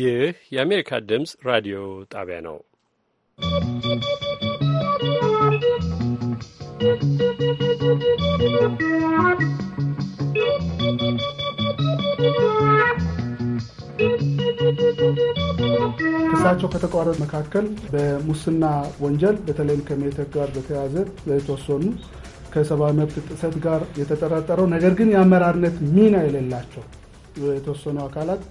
ይህ የአሜሪካ ድምፅ ራዲዮ ጣቢያ ነው። ክሳቸው ከተቋረጠ መካከል በሙስና ወንጀል በተለይም ከሜቴክ ጋር በተያያዘ ለተወሰኑ ከሰብአዊ መብት ጥሰት ጋር የተጠረጠረው ነገር ግን የአመራርነት ሚና የሌላቸው የተወሰኑ አካላት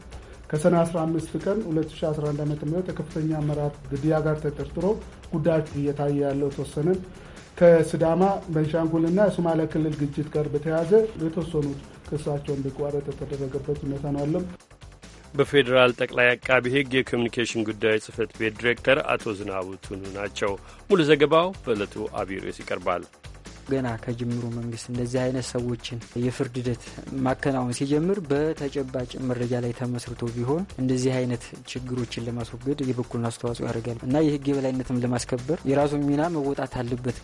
ከሰኔ 15 ቀን 2011 ዓ ም ከከፍተኛ አመራር ግድያ ጋር ተጠርጥሮ ጉዳዮች እየታየ ያለው ተወሰነን ከስዳማ ቤንሻንጉልና የሶማሊያ ክልል ግጭት ጋር በተያያዘ የተወሰኑት ክሳቸው እንዲቋረጥ የተደረገበት ሁኔታ ነው አለም። በፌዴራል ጠቅላይ አቃቢ ሕግ የኮሚኒኬሽን ጉዳዮች ጽህፈት ቤት ዲሬክተር አቶ ዝናቡ ቱኑ ናቸው። ሙሉ ዘገባው በዕለቱ አብይ ርዕስ ይቀርባል። ገና ከጅምሩ መንግስት እንደዚህ አይነት ሰዎችን የፍርድ ሂደት ማከናወን ሲጀምር በተጨባጭ መረጃ ላይ ተመስርቶ ቢሆን እንደዚህ አይነት ችግሮችን ለማስወገድ የበኩሉን አስተዋጽኦ ያደርጋል እና የህግ የበላይነትም ለማስከበር የራሱን ሚና መወጣት አለበት።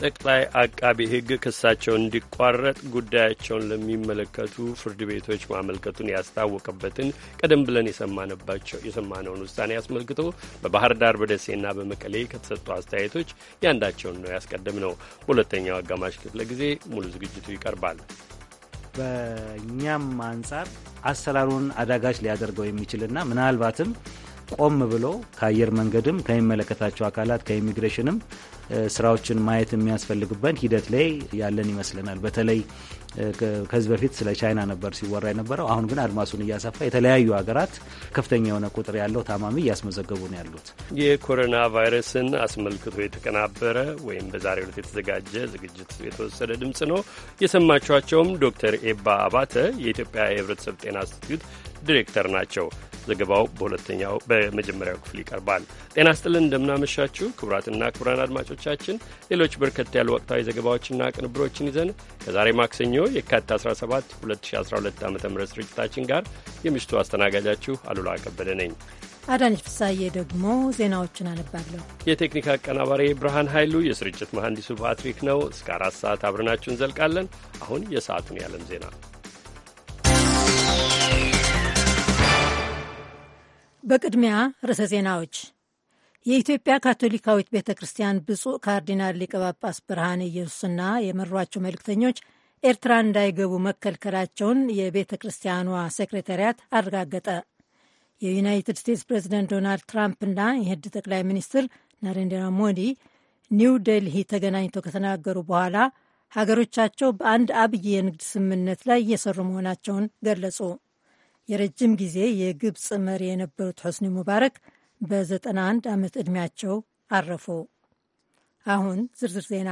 ጠቅላይ አቃቤ ሕግ ክሳቸው እንዲቋረጥ ጉዳያቸውን ለሚመለከቱ ፍርድ ቤቶች ማመልከቱን ያስታወቀበትን ቀደም ብለን የሰማነባቸው የሰማነውን ውሳኔ አስመልክቶ በባህር ዳር በደሴና በመቀሌ ከተሰጡ አስተያየቶች ያንዳቸውን ነው ያስቀደም ነው። በሁለተኛው አጋማሽ ክፍለ ጊዜ ሙሉ ዝግጅቱ ይቀርባል። በእኛም አንጻር አሰራሩን አዳጋች ሊያደርገው የሚችልና ምናልባትም ቆም ብሎ ከአየር መንገድም ከሚመለከታቸው አካላት ከኢሚግሬሽንም ስራዎችን ማየት የሚያስፈልግበት ሂደት ላይ ያለን ይመስለናል። በተለይ ከዚህ በፊት ስለ ቻይና ነበር ሲወራ የነበረው። አሁን ግን አድማሱን እያሰፋ የተለያዩ ሀገራት ከፍተኛ የሆነ ቁጥር ያለው ታማሚ እያስመዘገቡ ነው ያሉት። የኮሮና ቫይረስን አስመልክቶ የተቀናበረ ወይም በዛሬው ዕለት የተዘጋጀ ዝግጅት የተወሰደ ድምፅ ነው የሰማችኋቸውም። ዶክተር ኤባ አባተ የኢትዮጵያ የህብረተሰብ ጤና ኢንስቲትዩት ዲሬክተር ናቸው። ዘገባው በሁለተኛው በመጀመሪያው ክፍል ይቀርባል። ጤና ስጥልን እንደምናመሻችሁ ክቡራትና ክቡራን አድማጮቻችን ሌሎች በርከት ያሉ ወቅታዊ ዘገባዎችና ቅንብሮችን ይዘን ከዛሬ ማክሰኞ የካቲት 17 2012 ዓ ም ስርጭታችን ጋር የምሽቱ አስተናጋጃችሁ አሉላ ከበደ ነኝ። አዳነች ፍሳዬ ደግሞ ዜናዎችን አነባለሁ። የቴክኒክ አቀናባሪ ብርሃን ኃይሉ፣ የስርጭት መሐንዲሱ ፓትሪክ ነው። እስከ አራት ሰዓት አብረናችሁ እንዘልቃለን። አሁን የሰዓቱን የዓለም ዜና በቅድሚያ ርዕሰ ዜናዎች። የኢትዮጵያ ካቶሊካዊት ቤተ ክርስቲያን ብፁዕ ካርዲናል ሊቀ ጳጳስ ብርሃነ ኢየሱስና የመሯቸው መልእክተኞች ኤርትራ እንዳይገቡ መከልከላቸውን የቤተ ክርስቲያኗ ሴክሬታሪያት አረጋገጠ። የዩናይትድ ስቴትስ ፕሬዚደንት ዶናልድ ትራምፕና የህንድ ጠቅላይ ሚኒስትር ናሬንድራ ሞዲ ኒው ዴልሂ ተገናኝተው ከተናገሩ በኋላ ሀገሮቻቸው በአንድ አብይ የንግድ ስምምነት ላይ እየሰሩ መሆናቸውን ገለጹ። የረጅም ጊዜ የግብፅ መሪ የነበሩት ሆስኒ ሙባረክ በ91 ዓመት ዕድሜያቸው አረፉ። አሁን ዝርዝር ዜና።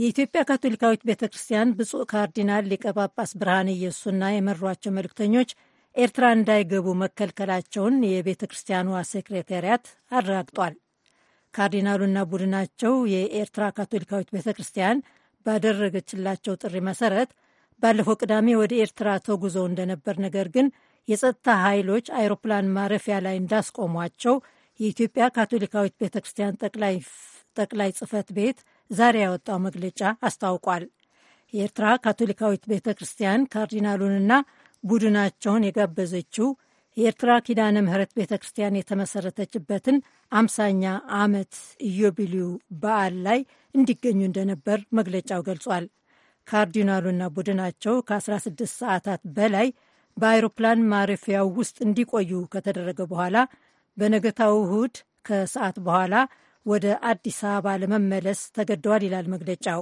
የኢትዮጵያ ካቶሊካዊት ቤተ ክርስቲያን ብፁዕ ካርዲናል ሊቀ ጳጳስ ብርሃን ኢየሱስና የመሯቸው መልእክተኞች ኤርትራ እንዳይገቡ መከልከላቸውን የቤተ ክርስቲያኗ ሴክሬታሪያት አረጋግጧል። ካርዲናሉና ቡድናቸው የኤርትራ ካቶሊካዊት ቤተ ክርስቲያን ባደረገችላቸው ጥሪ መሰረት ባለፈው ቅዳሜ ወደ ኤርትራ ተጉዞ እንደነበር፣ ነገር ግን የጸጥታ ኃይሎች አይሮፕላን ማረፊያ ላይ እንዳስቆሟቸው የኢትዮጵያ ካቶሊካዊት ቤተ ክርስቲያን ጠቅላይ ጽህፈት ቤት ዛሬ ያወጣው መግለጫ አስታውቋል። የኤርትራ ካቶሊካዊት ቤተ ክርስቲያን ካርዲናሉንና ቡድናቸውን የጋበዘችው የኤርትራ ኪዳነ ምሕረት ቤተ ክርስቲያን የተመሰረተችበትን አምሳኛ ዓመት ኢዮቤልዩ በዓል ላይ እንዲገኙ እንደነበር መግለጫው ገልጿል። ካርዲናሉና ቡድናቸው ከ16 ሰዓታት በላይ በአይሮፕላን ማረፊያው ውስጥ እንዲቆዩ ከተደረገ በኋላ በነገታው እሁድ ከሰዓት በኋላ ወደ አዲስ አበባ ለመመለስ ተገደዋል ይላል መግለጫው።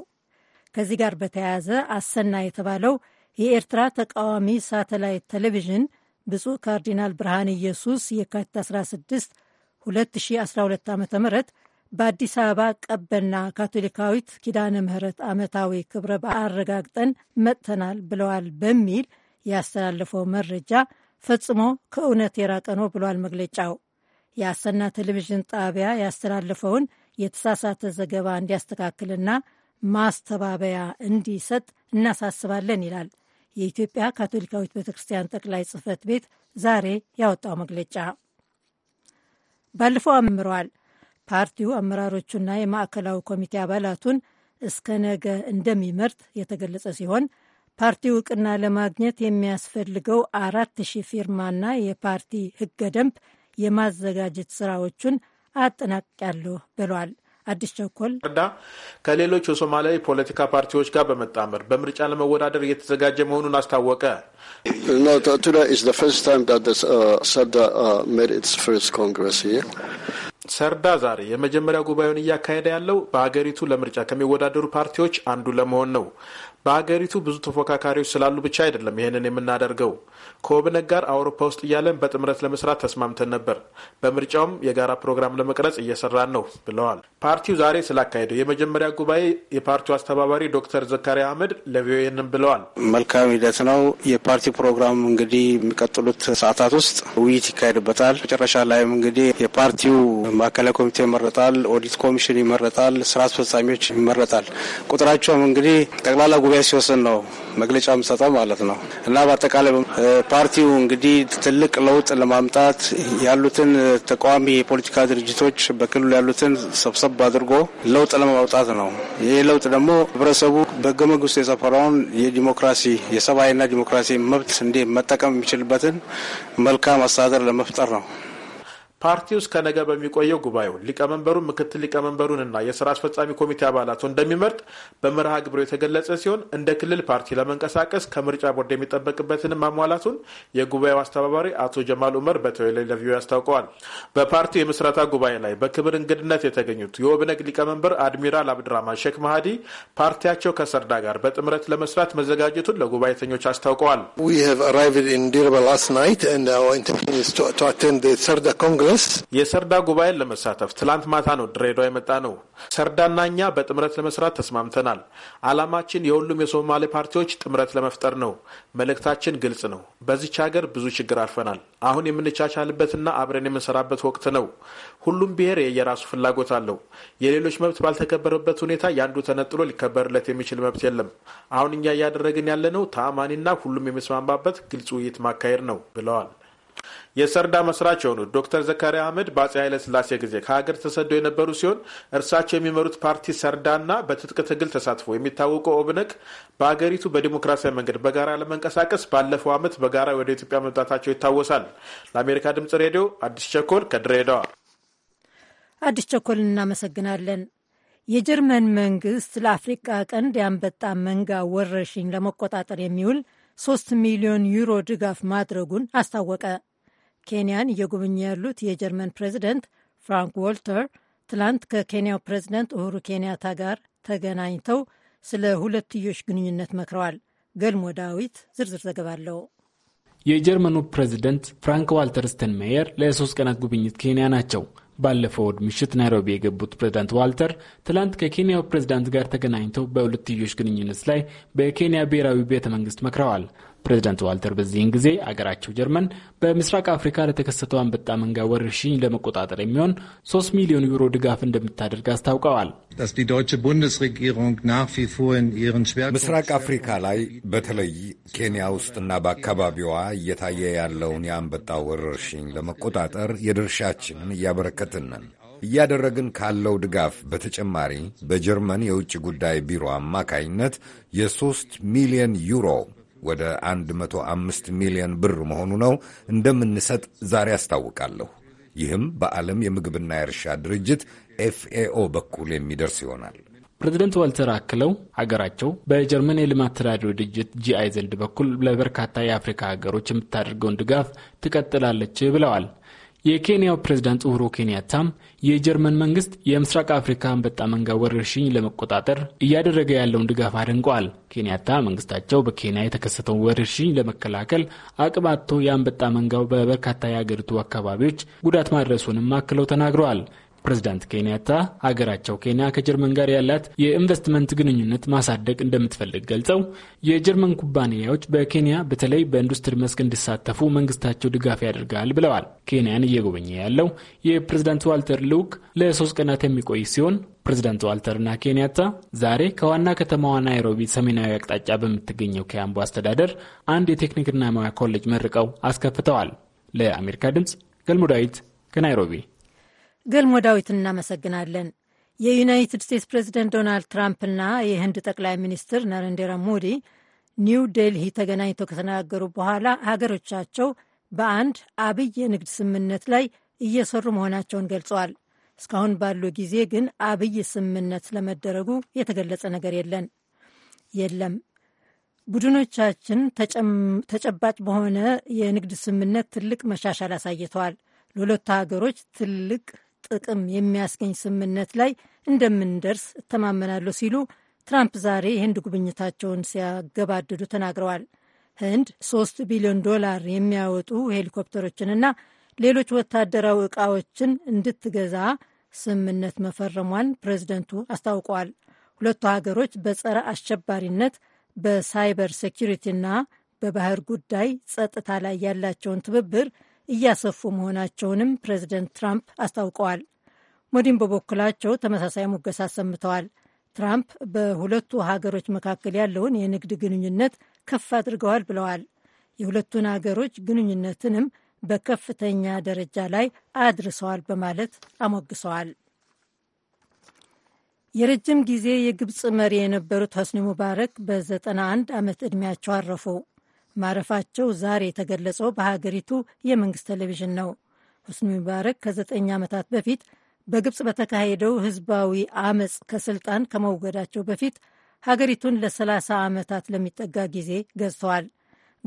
ከዚህ ጋር በተያያዘ አሰና የተባለው የኤርትራ ተቃዋሚ ሳተላይት ቴሌቪዥን ብፁዕ ካርዲናል ብርሃን ኢየሱስ የካቲት 16 2012 ዓ ም በአዲስ አበባ ቀበና ካቶሊካዊት ኪዳነ ምሕረት ዓመታዊ ክብረ በዓል አረጋግጠን መጥተናል ብለዋል በሚል ያስተላለፈው መረጃ ፈጽሞ ከእውነት የራቀ ነው ብሏል መግለጫው። የአሰና ቴሌቪዥን ጣቢያ ያስተላለፈውን የተሳሳተ ዘገባ እንዲያስተካክልና ማስተባበያ እንዲሰጥ እናሳስባለን ይላል የኢትዮጵያ ካቶሊካዊት ቤተ ክርስቲያን ጠቅላይ ጽህፈት ቤት ዛሬ ያወጣው መግለጫ። ባለፈው አምሯል ፓርቲው አመራሮቹና የማዕከላዊ ኮሚቴ አባላቱን እስከ ነገ እንደሚመርጥ የተገለጸ ሲሆን ፓርቲው እውቅና ለማግኘት የሚያስፈልገው አራት ሺህ ፊርማና የፓርቲ ህገ ደንብ የማዘጋጀት ስራዎቹን አጠናቅቄያለሁ ብሏል። አዲስ ቸኮል እርዳ ከሌሎች የሶማሊያዊ ፖለቲካ ፓርቲዎች ጋር በመጣመር በምርጫ ለመወዳደር እየተዘጋጀ መሆኑን አስታወቀ። ሰርዳ uh, uh, ዛሬ የመጀመሪያ ጉባኤውን እያካሄደ ያለው በሀገሪቱ ለምርጫ ከሚወዳደሩ ፓርቲዎች አንዱ ለመሆን ነው። በሀገሪቱ ብዙ ተፎካካሪዎች ስላሉ ብቻ አይደለም ይህንን የምናደርገው። ከወብነት ጋር አውሮፓ ውስጥ እያለን በጥምረት ለመስራት ተስማምተን ነበር። በምርጫውም የጋራ ፕሮግራም ለመቅረጽ እየሰራን ነው ብለዋል። ፓርቲው ዛሬ ስላካሄደው የመጀመሪያ ጉባኤ የፓርቲው አስተባባሪ ዶክተር ዘካሪያ አህመድ ለቪኦኤንም ብለዋል። መልካም ሂደት ነው። የፓርቲ ፕሮግራም እንግዲህ የሚቀጥሉት ሰዓታት ውስጥ ውይይት ይካሄድበታል። መጨረሻ ላይም እንግዲህ የፓርቲው ማዕከላዊ ኮሚቴ ይመረጣል፣ ኦዲት ኮሚሽን ይመረጣል፣ ስራ አስፈጻሚዎች ይመረጣል። ቁጥራቸውም እንግዲህ ጠቅላላ መግቢያ ሲወስን ነው መግለጫ የምሰጠው ማለት ነው እና በአጠቃላይ ፓርቲው እንግዲህ ትልቅ ለውጥ ለማምጣት ያሉትን ተቃዋሚ የፖለቲካ ድርጅቶች በክልሉ ያሉትን ሰብሰብ አድርጎ ለውጥ ለማውጣት ነው። ይህ ለውጥ ደግሞ ህብረተሰቡ በህገ መንግስቱ የሰፈረውን የዲሞክራሲ የሰብአዊና ዲሞክራሲ መብት እንዴ መጠቀም የሚችልበትን መልካም አስተዳደር ለመፍጠር ነው። ፓርቲ ውስጥ ከነገ በሚቆየው ጉባኤው ሊቀመንበሩን፣ ምክትል ሊቀመንበሩንና የስራ አስፈጻሚ ኮሚቴ አባላቱ እንደሚመርጥ በመርሃ ግብሮ የተገለጸ ሲሆን እንደ ክልል ፓርቲ ለመንቀሳቀስ ከምርጫ ቦርድ የሚጠበቅበትን ማሟላቱን የጉባኤው አስተባባሪ አቶ ጀማል ኡመር በተወያይ ለቪዮ ያስታውቀዋል። በፓርቲው የምስረታ ጉባኤ ላይ በክብር እንግድነት የተገኙት የኦብነግ ሊቀመንበር አድሚራል አብድራማን ሼክ መሃዲ ፓርቲያቸው ከሰርዳ ጋር በጥምረት ለመስራት መዘጋጀቱን ለጉባኤተኞች አስታውቀዋል። ድረስ የሰርዳ ጉባኤን ለመሳተፍ ትላንት ማታ ነው ድሬዳዋ የመጣ ነው። ሰርዳና እኛ በጥምረት ለመስራት ተስማምተናል። አላማችን የሁሉም የሶማሌ ፓርቲዎች ጥምረት ለመፍጠር ነው። መልእክታችን ግልጽ ነው። በዚች ሀገር ብዙ ችግር አልፈናል። አሁን የምንቻቻልበትና አብረን የምንሰራበት ወቅት ነው። ሁሉም ብሔር የየራሱ ፍላጎት አለው። የሌሎች መብት ባልተከበረበት ሁኔታ የአንዱ ተነጥሎ ሊከበርለት የሚችል መብት የለም። አሁን እኛ እያደረግን ያለነው ተአማኒና ሁሉም የሚስማማበት ግልጽ ውይይት ማካሄድ ነው ብለዋል። የሰርዳ መስራች የሆኑት ዶክተር ዘካሪያ አህመድ በአጼ ኃይለስላሴ ጊዜ ከሀገር ተሰደው የነበሩ ሲሆን እርሳቸው የሚመሩት ፓርቲ ሰርዳና በትጥቅ ትግል ተሳትፎ የሚታወቀው ኦብነግ በሀገሪቱ በዲሞክራሲያዊ መንገድ በጋራ ለመንቀሳቀስ ባለፈው ዓመት በጋራ ወደ ኢትዮጵያ መምጣታቸው ይታወሳል። ለአሜሪካ ድምጽ ሬዲዮ አዲስ ቸኮል ከድሬዳዋ። አዲስ ቸኮል እናመሰግናለን። የጀርመን መንግስት ለአፍሪቃ ቀንድ የአንበጣ መንጋ ወረርሽኝ ለመቆጣጠር የሚውል ሶስት ሚሊዮን ዩሮ ድጋፍ ማድረጉን አስታወቀ። ኬንያን እየጎበኙ ያሉት የጀርመን ፕሬዚደንት ፍራንክ ዎልተር ትላንት ከኬንያው ፕሬዚደንት ኡሁሩ ኬንያታ ጋር ተገናኝተው ስለ ሁለትዮሽ ግንኙነት መክረዋል። ገልሞ ዳዊት ዝርዝር ዘገባ አለው። የጀርመኑ ፕሬዚደንት ፍራንክ ዋልተር ስተንሜየር ለሶስት ቀናት ጉብኝት ኬንያ ናቸው። ባለፈው እሁድ ምሽት ናይሮቢ የገቡት ፕሬዚዳንት ዋልተር ትላንት ከኬንያው ፕሬዚዳንት ጋር ተገናኝተው በሁለትዮሽ ግንኙነት ላይ በኬንያ ብሔራዊ ቤተ መንግስት መክረዋል። ፕሬዚዳንት ዋልተር በዚህን ጊዜ አገራቸው ጀርመን በምስራቅ አፍሪካ ለተከሰተው አንበጣ መንጋ ወረርሽኝ ለመቆጣጠር የሚሆን 3 ሚሊዮን ዩሮ ድጋፍ እንደምታደርግ አስታውቀዋል። ምስራቅ አፍሪካ ላይ በተለይ ኬንያ ውስጥና በአካባቢዋ እየታየ ያለውን የአንበጣ ወረርሽኝ ለመቆጣጠር የድርሻችንን እያበረከትን ነን። እያደረግን ካለው ድጋፍ በተጨማሪ በጀርመን የውጭ ጉዳይ ቢሮ አማካኝነት የሦስት ሚሊዮን ዩሮ ወደ 105 ሚሊዮን ብር መሆኑ ነው እንደምንሰጥ ዛሬ አስታውቃለሁ። ይህም በዓለም የምግብና የእርሻ ድርጅት ኤፍኤኦ በኩል የሚደርስ ይሆናል። ፕሬዚደንት ዋልተር አክለው ሀገራቸው በጀርመን የልማት ተራድኦ ድርጅት ዘንድ በኩል ለበርካታ የአፍሪካ ሀገሮች የምታደርገውን ድጋፍ ትቀጥላለች ብለዋል። የኬንያው ፕሬዝዳንት ኡሁሩ ኬንያታም የጀርመን መንግስት የምስራቅ አፍሪካ አንበጣ መንጋ ወረርሽኝ ለመቆጣጠር እያደረገ ያለውን ድጋፍ አድንቋል። ኬንያታ መንግስታቸው በኬንያ የተከሰተውን ወረርሽኝ ለመከላከል አቅም አጥቶ የአንበጣ መንጋው በበርካታ የአገሪቱ አካባቢዎች ጉዳት ማድረሱንም አክለው ተናግረዋል። ፕሬዚዳንት ኬንያታ ሀገራቸው ኬንያ ከጀርመን ጋር ያላት የኢንቨስትመንት ግንኙነት ማሳደግ እንደምትፈልግ ገልጸው የጀርመን ኩባንያዎች በኬንያ በተለይ በኢንዱስትሪ መስክ እንዲሳተፉ መንግስታቸው ድጋፍ ያደርጋል ብለዋል። ኬንያን እየጎበኘ ያለው የፕሬዚዳንት ዋልተር ልዑክ ለሶስት ቀናት የሚቆይ ሲሆን ፕሬዚዳንት ዋልተርና ኬንያታ ዛሬ ከዋና ከተማዋ ናይሮቢ ሰሜናዊ አቅጣጫ በምትገኘው ከያምቦ አስተዳደር አንድ የቴክኒክና ሙያ ኮሌጅ መርቀው አስከፍተዋል። ለአሜሪካ ድምፅ ገልሙዳዊት ከናይሮቢ ገልሞ ዳዊትን እናመሰግናለን። የዩናይትድ ስቴትስ ፕሬዚደንት ዶናልድ ትራምፕና የህንድ ጠቅላይ ሚኒስትር ናሬንዴራ ሞዲ ኒው ዴልሂ ተገናኝተው ከተነጋገሩ በኋላ ሀገሮቻቸው በአንድ አብይ የንግድ ስምምነት ላይ እየሰሩ መሆናቸውን ገልጸዋል። እስካሁን ባለው ጊዜ ግን አብይ ስምምነት ለመደረጉ የተገለጸ ነገር የለን የለም። ቡድኖቻችን ተጨባጭ በሆነ የንግድ ስምምነት ትልቅ መሻሻል አሳይተዋል። ለሁለቱ ሀገሮች ትልቅ ጥቅም የሚያስገኝ ስምምነት ላይ እንደምንደርስ እተማመናለሁ ሲሉ ትራምፕ ዛሬ የህንድ ጉብኝታቸውን ሲያገባድዱ ተናግረዋል። ህንድ ሶስት ቢሊዮን ዶላር የሚያወጡ ሄሊኮፕተሮችንና ሌሎች ወታደራዊ ዕቃዎችን እንድትገዛ ስምምነት መፈረሟን ፕሬዚደንቱ አስታውቀዋል። ሁለቱ ሀገሮች በጸረ አሸባሪነት፣ በሳይበር ሴኪሪቲና በባህር ጉዳይ ጸጥታ ላይ ያላቸውን ትብብር እያሰፉ መሆናቸውንም ፕሬዚደንት ትራምፕ አስታውቀዋል። ሞዲን በበኩላቸው ተመሳሳይ ሙገሳ አሰምተዋል። ትራምፕ በሁለቱ ሀገሮች መካከል ያለውን የንግድ ግንኙነት ከፍ አድርገዋል ብለዋል። የሁለቱን ሀገሮች ግንኙነትንም በከፍተኛ ደረጃ ላይ አድርሰዋል በማለት አሞግሰዋል። የረጅም ጊዜ የግብፅ መሪ የነበሩት ሆስኒ ሙባረክ በ91 ዓመት ዕድሜያቸው አረፉ። ማረፋቸው ዛሬ የተገለጸው በሀገሪቱ የመንግስት ቴሌቪዥን ነው። ሁስኒ ሙባረክ ከዘጠኝ ዓመታት በፊት በግብፅ በተካሄደው ህዝባዊ አመፅ ከስልጣን ከመወገዳቸው በፊት ሀገሪቱን ለ30 ዓመታት ለሚጠጋ ጊዜ ገዝተዋል።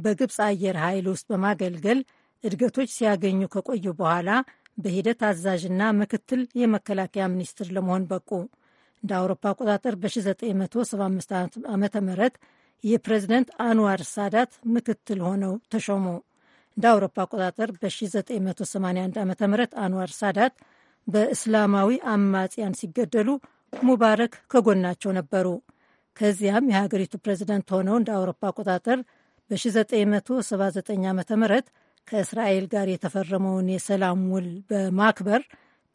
በግብፅ አየር ኃይል ውስጥ በማገልገል እድገቶች ሲያገኙ ከቆዩ በኋላ በሂደት አዛዥና ምክትል የመከላከያ ሚኒስትር ለመሆን በቁ። እንደ አውሮፓ አቆጣጠር በ1975 ዓ ም የፕሬዝደንት አንዋር ሳዳት ምክትል ሆነው ተሾሙ። እንደ አውሮፓ አቆጣጠር በ1981 ዓ ም አንዋር ሳዳት በእስላማዊ አማጽያን ሲገደሉ ሙባረክ ከጎናቸው ነበሩ። ከዚያም የሀገሪቱ ፕሬዝደንት ሆነው እንደ አውሮፓ አቆጣጠር በ1979 ዓ ም ከእስራኤል ጋር የተፈረመውን የሰላም ውል በማክበር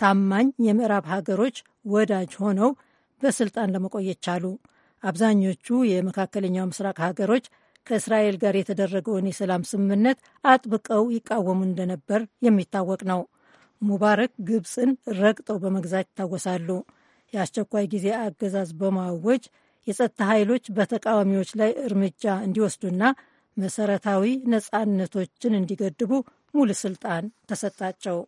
ታማኝ የምዕራብ ሀገሮች ወዳጅ ሆነው በስልጣን ለመቆየት ቻሉ። አብዛኞቹ የመካከለኛው ምስራቅ ሀገሮች ከእስራኤል ጋር የተደረገውን የሰላም ስምምነት አጥብቀው ይቃወሙ እንደነበር የሚታወቅ ነው። ሙባረክ ግብፅን ረግጠው በመግዛት ይታወሳሉ። የአስቸኳይ ጊዜ አገዛዝ በማወጅ የጸጥታ ኃይሎች በተቃዋሚዎች ላይ እርምጃ እንዲወስዱና መሰረታዊ ነፃነቶችን እንዲገድቡ ሙሉ ስልጣን ተሰጣቸው።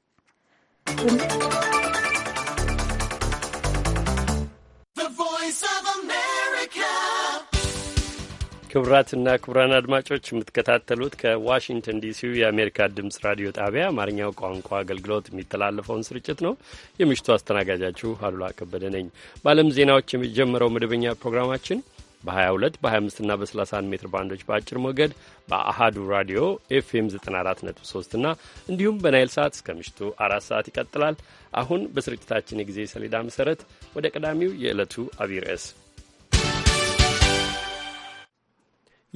ክቡራትና ክቡራን አድማጮች የምትከታተሉት ከዋሽንግተን ዲሲው የአሜሪካ ድምጽ ራዲዮ ጣቢያ አማርኛው ቋንቋ አገልግሎት የሚተላለፈውን ስርጭት ነው። የምሽቱ አስተናጋጃችሁ አሉላ ከበደ ነኝ። በዓለም ዜናዎች የሚጀምረው መደበኛ ፕሮግራማችን በ22 በ25ና በ31 ሜትር ባንዶች በአጭር ሞገድ በአሃዱ ራዲዮ ኤፍኤም 943 እና እንዲሁም በናይል ሰዓት እስከ ምሽቱ አራት ሰዓት ይቀጥላል። አሁን በስርጭታችን የጊዜ ሰሌዳ መሠረት ወደ ቀዳሚው የዕለቱ አብይ ርዕስ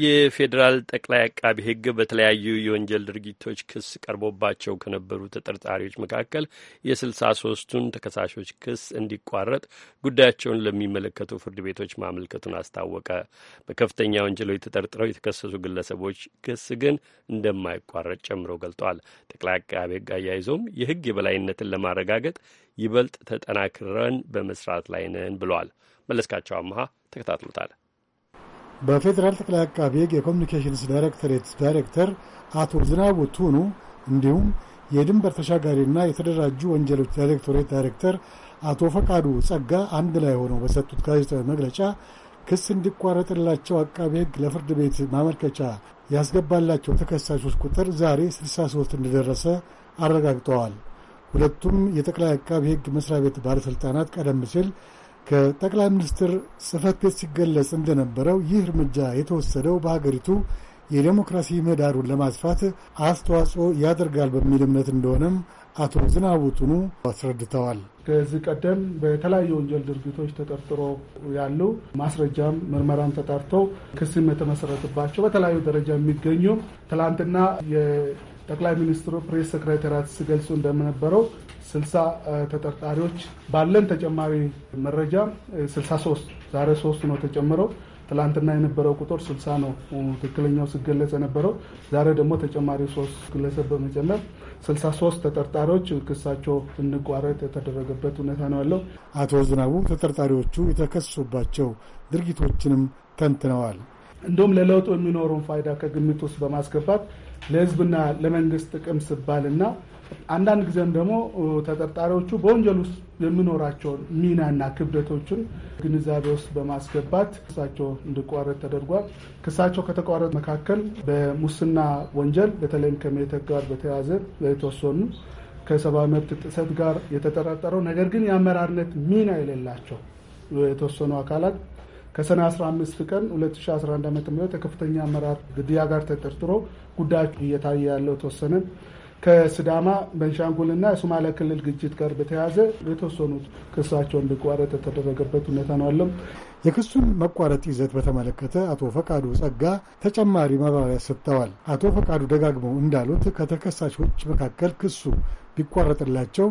የፌዴራል ጠቅላይ አቃቢ ሕግ በተለያዩ የወንጀል ድርጊቶች ክስ ቀርቦባቸው ከነበሩ ተጠርጣሪዎች መካከል የስልሳ ሶስቱን ተከሳሾች ክስ እንዲቋረጥ ጉዳያቸውን ለሚመለከቱ ፍርድ ቤቶች ማመልከቱን አስታወቀ። በከፍተኛ ወንጀሎች ተጠርጥረው የተከሰሱ ግለሰቦች ክስ ግን እንደማይቋረጥ ጨምሮ ገልጧል። ጠቅላይ አቃቢ ሕግ አያይዞም የሕግ የበላይነትን ለማረጋገጥ ይበልጥ ተጠናክረን በመስራት ላይ ነን ብሏል። መለስካቸው አመሃ ተከታትሎታል። በፌዴራል ጠቅላይ አቃቢ ሕግ የኮሚኒኬሽንስ ዳይሬክቶሬት ዳይሬክተር አቶ ዝናቡ ቱኑ እንዲሁም የድንበር ተሻጋሪና የተደራጁ ወንጀሎች ዳይሬክቶሬት ዳይሬክተር አቶ ፈቃዱ ጸጋ አንድ ላይ ሆነው በሰጡት ጋዜጣዊ መግለጫ ክስ እንዲቋረጥላቸው አቃቢ ሕግ ለፍርድ ቤት ማመልከቻ ያስገባላቸው ተከሳሾች ቁጥር ዛሬ 63 እንደደረሰ አረጋግጠዋል። ሁለቱም የጠቅላይ አቃቢ ሕግ መስሪያ ቤት ባለሥልጣናት ቀደም ሲል ከጠቅላይ ሚኒስትር ጽህፈት ቤት ሲገለጽ እንደነበረው ይህ እርምጃ የተወሰደው በሀገሪቱ የዴሞክራሲ ምህዳሩን ለማስፋት አስተዋጽኦ ያደርጋል በሚል እምነት እንደሆነም አቶ ዝናቡ ቱኑ አስረድተዋል። ከዚህ ቀደም በተለያዩ ወንጀል ድርጊቶች ተጠርጥሮ ያሉ ማስረጃም ምርመራም ተጣርተው ክስም የተመሰረተባቸው በተለያዩ ደረጃ የሚገኙ ትላንትና የጠቅላይ ሚኒስትሩ ፕሬስ ሴክሬታሪያት ሲገልጹ እንደነበረው ስልሳ ተጠርጣሪዎች ባለን ተጨማሪ መረጃ ስልሳ ሶስት ዛሬ ሶስት ነው ተጨምረው ትላንትና የነበረው ቁጥር ስልሳ ነው ትክክለኛው ሲገለጽ የነበረው። ዛሬ ደግሞ ተጨማሪ ሶስት ግለሰብ በመጨመር ስልሳ ሶስት ተጠርጣሪዎች ክሳቸው እንቋረጥ የተደረገበት ሁኔታ ነው ያለው። አቶ ዝናቡ ተጠርጣሪዎቹ የተከሱባቸው ድርጊቶችንም ተንትነዋል። እንዲሁም ለለውጡ የሚኖረውን ፋይዳ ከግምት ውስጥ በማስገባት ለሕዝብና ለመንግስት ጥቅም ስባልና አንዳንድ ጊዜም ደግሞ ተጠርጣሪዎቹ በወንጀል ውስጥ የሚኖራቸውን ሚናና ክብደቶችን ግንዛቤ ውስጥ በማስገባት ክሳቸው እንዲቋረጥ ተደርጓል። ክሳቸው ከተቋረጥ መካከል በሙስና ወንጀል በተለይም ከሜተ ጋር በተያያዘ የተወሰኑ ከሰብአዊ መብት ጥሰት ጋር የተጠረጠረው ነገር ግን የአመራርነት ሚና የሌላቸው የተወሰኑ አካላት ከሰኔ 15 ቀን 2011 ዓ ም ከከፍተኛ አመራር ግድያ ጋር ተጠርጥሮ ጉዳዩ እየታየ ያለው ተወሰነ ከስዳማ በንሻንጉልና የሶማሊያ ክልል ግጭት ጋር በተያያዘ የተወሰኑት ክሳቸው እንዲቋረጥ የተደረገበት ሁኔታ ነው አለም። የክሱን መቋረጥ ይዘት በተመለከተ አቶ ፈቃዱ ጸጋ ተጨማሪ ማብራሪያ ሰጥተዋል። አቶ ፈቃዱ ደጋግመው እንዳሉት ከተከሳሾች መካከል ክሱ ቢቋረጥላቸው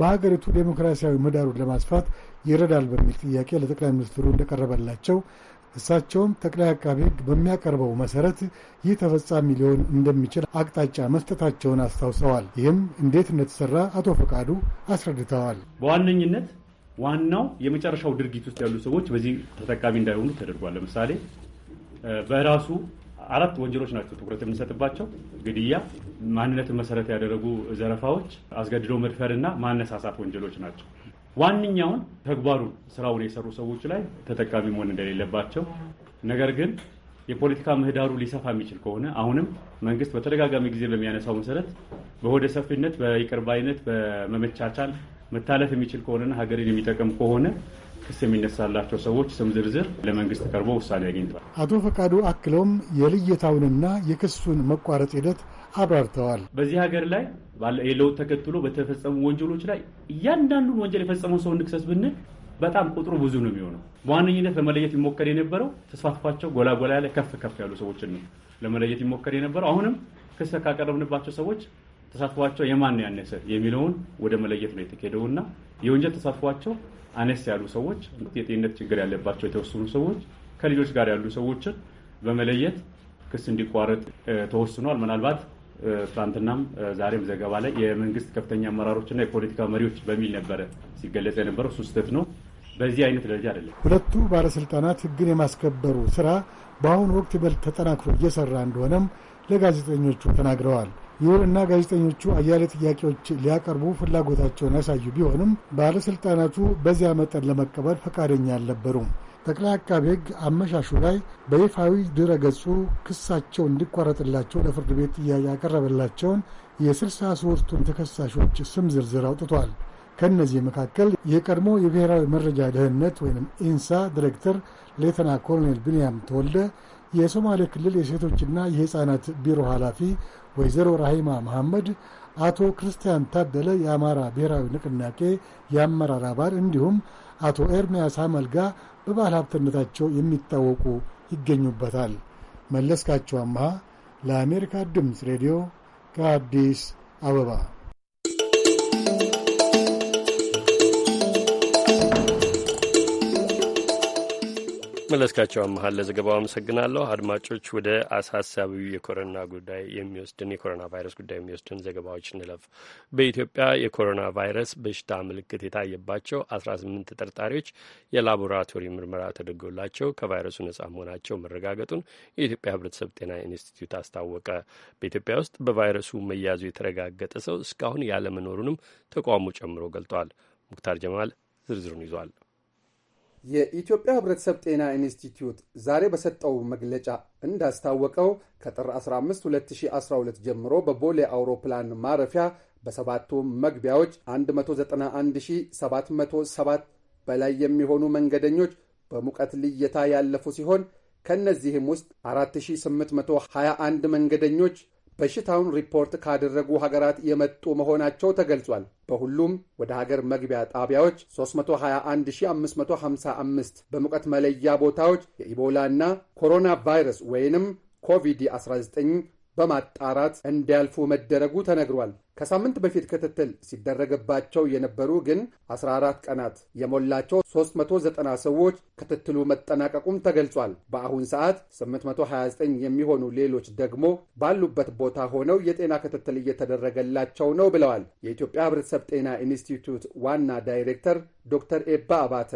በሀገሪቱ ዴሞክራሲያዊ ምህዳሩን ለማስፋት ይረዳል በሚል ጥያቄ ለጠቅላይ ሚኒስትሩ እንደቀረበላቸው እሳቸውም ጠቅላይ አቃቢ ሕግ በሚያቀርበው መሰረት ይህ ተፈጻሚ ሊሆን እንደሚችል አቅጣጫ መስጠታቸውን አስታውሰዋል። ይህም እንዴት እንደተሰራ አቶ ፈቃዱ አስረድተዋል። በዋነኝነት ዋናው የመጨረሻው ድርጊት ውስጥ ያሉ ሰዎች በዚህ ተጠቃሚ እንዳይሆኑ ተደርጓል። ለምሳሌ በራሱ አራት ወንጀሎች ናቸው ትኩረት የምንሰጥባቸው፣ ግድያ፣ ማንነትን መሰረት ያደረጉ ዘረፋዎች፣ አስገድዶ መድፈር እና ማነሳሳት ወንጀሎች ናቸው። ዋነኛውን ተግባሩን ስራውን የሰሩ ሰዎች ላይ ተጠቃሚ መሆን እንደሌለባቸው ነገር ግን የፖለቲካ ምህዳሩ ሊሰፋ የሚችል ከሆነ አሁንም መንግስት በተደጋጋሚ ጊዜ በሚያነሳው መሰረት በሆደ ሰፊነት፣ በይቅርባይነት፣ በመመቻቻል መታለፍ የሚችል ከሆነና ሀገርን የሚጠቅም ከሆነ ክስ የሚነሳላቸው ሰዎች ስም ዝርዝር ለመንግስት ቀርቦ ውሳኔ አግኝቷል። አቶ ፈቃዱ አክለውም የልየታውንና የክሱን መቋረጥ ሂደት አብራርተዋል። በዚህ ሀገር ላይ የለውጥ ተከትሎ በተፈጸሙ ወንጀሎች ላይ እያንዳንዱን ወንጀል የፈጸመው ሰው እንክሰስ ብንል በጣም ቁጥሩ ብዙ ነው የሚሆነው። በዋነኝነት ለመለየት ይሞከር የነበረው ተሳትፏቸው ጎላ ጎላ ያለ ከፍ ከፍ ያሉ ሰዎችን ነው ለመለየት ይሞከር የነበረው። አሁንም ክስ ካቀረብንባቸው ሰዎች ተሳትፏቸው የማን ያነሰ የሚለውን ወደ መለየት ነው የተካሄደውና የወንጀል ተሳትፏቸው አነስ ያሉ ሰዎች፣ የጤንነት ችግር ያለባቸው የተወሰኑ ሰዎች፣ ከልጆች ጋር ያሉ ሰዎችን በመለየት ክስ እንዲቋረጥ ተወስኗል። ምናልባት ትናንትናም ዛሬም ዘገባ ላይ የመንግስት ከፍተኛ አመራሮችና የፖለቲካ መሪዎች በሚል ነበረ ሲገለጽ የነበረው። እሱ ስህተት ነው። በዚህ አይነት ደረጃ አይደለም። ሁለቱ ባለስልጣናት ህግን የማስከበሩ ስራ በአሁኑ ወቅት ይበልጥ ተጠናክሮ እየሰራ እንደሆነም ለጋዜጠኞቹ ተናግረዋል። ይሁንና ጋዜጠኞቹ አያሌ ጥያቄዎች ሊያቀርቡ ፍላጎታቸውን ያሳዩ ቢሆንም ባለሥልጣናቱ በዚያ መጠን ለመቀበል ፈቃደኛ አልነበሩም። ጠቅላይ አቃቤ ሕግ አመሻሹ ላይ በይፋዊ ድረ ገጹ ክሳቸው እንዲቋረጥላቸው ለፍርድ ቤት ጥያቄ ያቀረበላቸውን የስልሳ ሦስቱን ተከሳሾች ስም ዝርዝር አውጥቷል። ከእነዚህ መካከል የቀድሞ የብሔራዊ መረጃ ደህንነት ወይም ኢንሳ ዲሬክተር ሌተና ኮሎኔል ብንያም ተወልደ የሶማሌ ክልል የሴቶችና የሕፃናት ቢሮ ኃላፊ ወይዘሮ ራሂማ መሐመድ፣ አቶ ክርስቲያን ታደለ የአማራ ብሔራዊ ንቅናቄ የአመራር አባል እንዲሁም አቶ ኤርሚያስ አመልጋ በባለ ሀብትነታቸው የሚታወቁ ይገኙበታል። መለስካቸው አምሃ ለአሜሪካ ድምፅ ሬዲዮ ከአዲስ አበባ መለስካቸው አመሀል ለዘገባው አመሰግናለሁ። አድማጮች ወደ አሳሳቢው የኮሮና ጉዳይ የሚወስድን የኮሮና ቫይረስ ጉዳይ የሚወስድን ዘገባዎች እንለፍ። በኢትዮጵያ የኮሮና ቫይረስ በሽታ ምልክት የታየባቸው አስራ ስምንት ተጠርጣሪዎች የላቦራቶሪ ምርመራ ተደርጎላቸው ከቫይረሱ ነጻ መሆናቸው መረጋገጡን የኢትዮጵያ ሕብረተሰብ ጤና ኢንስቲትዩት አስታወቀ። በኢትዮጵያ ውስጥ በቫይረሱ መያዙ የተረጋገጠ ሰው እስካሁን ያለመኖሩንም ተቋሙ ጨምሮ ገልጧል። ሙክታር ጀማል ዝርዝሩን ይዟል። የኢትዮጵያ ህብረተሰብ ጤና ኢንስቲትዩት ዛሬ በሰጠው መግለጫ እንዳስታወቀው ከጥር 15 2012 ጀምሮ በቦሌ አውሮፕላን ማረፊያ በሰባቱ መግቢያዎች 191707 በላይ የሚሆኑ መንገደኞች በሙቀት ልየታ ያለፉ ሲሆን ከእነዚህም ውስጥ 4821 መንገደኞች በሽታውን ሪፖርት ካደረጉ ሀገራት የመጡ መሆናቸው ተገልጿል። በሁሉም ወደ ሀገር መግቢያ ጣቢያዎች 321555 በሙቀት መለያ ቦታዎች የኢቦላ እና ኮሮና ቫይረስ ወይንም ኮቪድ-19 በማጣራት እንዲያልፉ መደረጉ ተነግሯል። ከሳምንት በፊት ክትትል ሲደረግባቸው የነበሩ ግን 14 ቀናት የሞላቸው 390 ሰዎች ክትትሉ መጠናቀቁም ተገልጿል። በአሁን ሰዓት 829 የሚሆኑ ሌሎች ደግሞ ባሉበት ቦታ ሆነው የጤና ክትትል እየተደረገላቸው ነው ብለዋል። የኢትዮጵያ ሕብረተሰብ ጤና ኢንስቲትዩት ዋና ዳይሬክተር ዶክተር ኤባ አባተ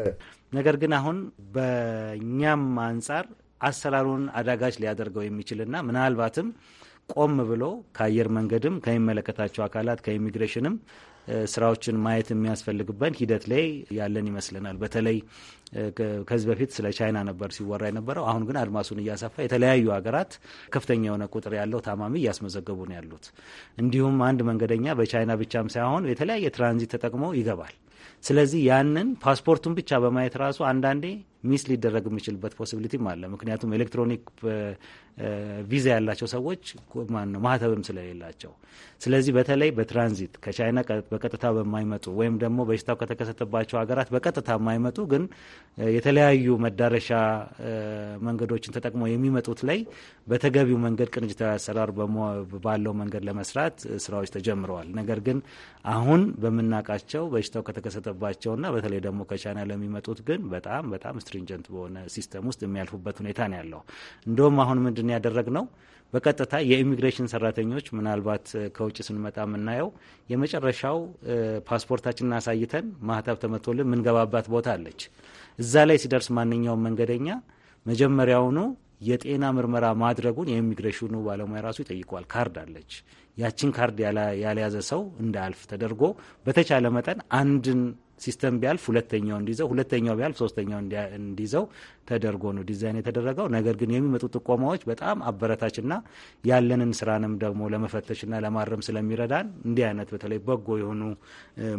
ነገር ግን አሁን በእኛም አንጻር አሰራሩን አዳጋች ሊያደርገው የሚችልና ምናልባትም ቆም ብሎ ከአየር መንገድም ከሚመለከታቸው አካላት ከኢሚግሬሽንም ስራዎችን ማየት የሚያስፈልግበት ሂደት ላይ ያለን ይመስለናል። በተለይ ከዚህ በፊት ስለ ቻይና ነበር ሲወራ የነበረው። አሁን ግን አድማሱን እያሰፋ የተለያዩ ሀገራት ከፍተኛ የሆነ ቁጥር ያለው ታማሚ እያስመዘገቡ ነው ያሉት። እንዲሁም አንድ መንገደኛ በቻይና ብቻም ሳይሆን የተለያየ ትራንዚት ተጠቅሞ ይገባል። ስለዚህ ያንን ፓስፖርቱን ብቻ በማየት ራሱ አንዳንዴ ሚስ ሊደረግ የሚችልበት ፖሲቢሊቲም አለ። ምክንያቱም ኤሌክትሮኒክ ቪዛ ያላቸው ሰዎች ማነው ማህተብም ስለሌላቸው። ስለዚህ በተለይ በትራንዚት ከቻይና በቀጥታ በማይመጡ ወይም ደግሞ በሽታው ከተከሰተባቸው ሀገራት በቀጥታ የማይመጡ ግን የተለያዩ መዳረሻ መንገዶችን ተጠቅመው የሚመጡት ላይ በተገቢው መንገድ ቅንጅታዊ አሰራር ባለው መንገድ ለመስራት ስራዎች ተጀምረዋል። ነገር ግን አሁን በምናውቃቸው በሽታው ከተከሰተ የተከሰተባቸውና በተለይ ደግሞ ከቻይና ለሚመጡት ግን በጣም በጣም ስትሪንጀንት በሆነ ሲስተም ውስጥ የሚያልፉበት ሁኔታ ነው ያለው። እንደውም አሁን ምንድን ያደረግ ነው በቀጥታ የኢሚግሬሽን ሰራተኞች ምናልባት ከውጭ ስንመጣ የምናየው የመጨረሻው ፓስፖርታችንን አሳይተን ማህተብ ተመቶልን ምንገባባት ቦታ አለች። እዛ ላይ ሲደርስ ማንኛውም መንገደኛ መጀመሪያውኑ የጤና ምርመራ ማድረጉን የኢሚግሬሽኑ ባለሙያ ራሱ ይጠይቋል። ካርድ አለች ያችን ካርድ ያልያዘ ሰው እንዳያልፍ ተደርጎ በተቻለ መጠን አንድን ሲስተም ቢያልፍ ሁለተኛው እንዲይዘው፣ ሁለተኛው ቢያልፍ ሶስተኛው እንዲይዘው ተደርጎ ነው ዲዛይን የተደረገው። ነገር ግን የሚመጡ ጥቆማዎች በጣም አበረታችና ያለንን ስራንም ደግሞ ለመፈተሽና ለማረም ስለሚረዳን እንዲህ አይነት በተለይ በጎ የሆኑ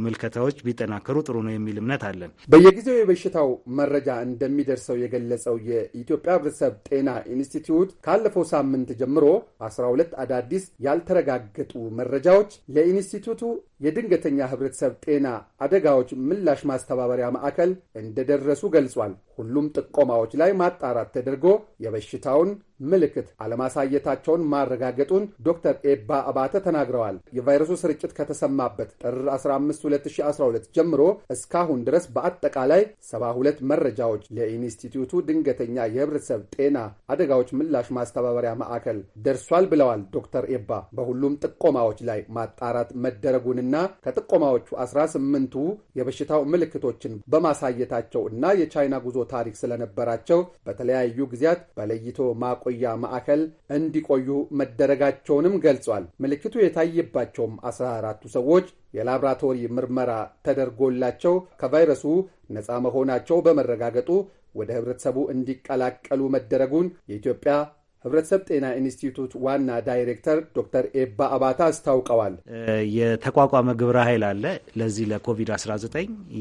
ምልከታዎች ቢጠናከሩ ጥሩ ነው የሚል እምነት አለን። በየጊዜው የበሽታው መረጃ እንደሚደርሰው የገለጸው የኢትዮጵያ ሕብረተሰብ ጤና ኢንስቲትዩት ካለፈው ሳምንት ጀምሮ 12 አዳዲስ ያልተረጋገጡ መረጃዎች ለኢንስቲትዩቱ የድንገተኛ ህብረተሰብ ጤና አደጋዎች ምላሽ ማስተባበሪያ ማዕከል እንደደረሱ ገልጿል። ሁሉም ጥቆማ ከተማዎች ላይ ማጣራት ተደርጎ የበሽታውን ምልክት አለማሳየታቸውን ማረጋገጡን ዶክተር ኤባ አባተ ተናግረዋል። የቫይረሱ ስርጭት ከተሰማበት ጥር 15 2012 ጀምሮ እስካሁን ድረስ በአጠቃላይ 72 መረጃዎች ለኢንስቲትዩቱ ድንገተኛ የህብረተሰብ ጤና አደጋዎች ምላሽ ማስተባበሪያ ማዕከል ደርሷል ብለዋል ዶክተር ኤባ በሁሉም ጥቆማዎች ላይ ማጣራት መደረጉንና ከጥቆማዎቹ 18ቱ የበሽታው ምልክቶችን በማሳየታቸው እና የቻይና ጉዞ ታሪክ ስለነበራቸው በተለያዩ ጊዜያት በለይቶ ማቆ ማቆያ ማዕከል እንዲቆዩ መደረጋቸውንም ገልጿል። ምልክቱ የታየባቸውም 14ቱ ሰዎች የላብራቶሪ ምርመራ ተደርጎላቸው ከቫይረሱ ነፃ መሆናቸው በመረጋገጡ ወደ ህብረተሰቡ እንዲቀላቀሉ መደረጉን የኢትዮጵያ ህብረተሰብ ጤና ኢንስቲትዩት ዋና ዳይሬክተር ዶክተር ኤባ አባታ አስታውቀዋል። የተቋቋመ ግብረ ኃይል አለ። ለዚህ ለኮቪድ-19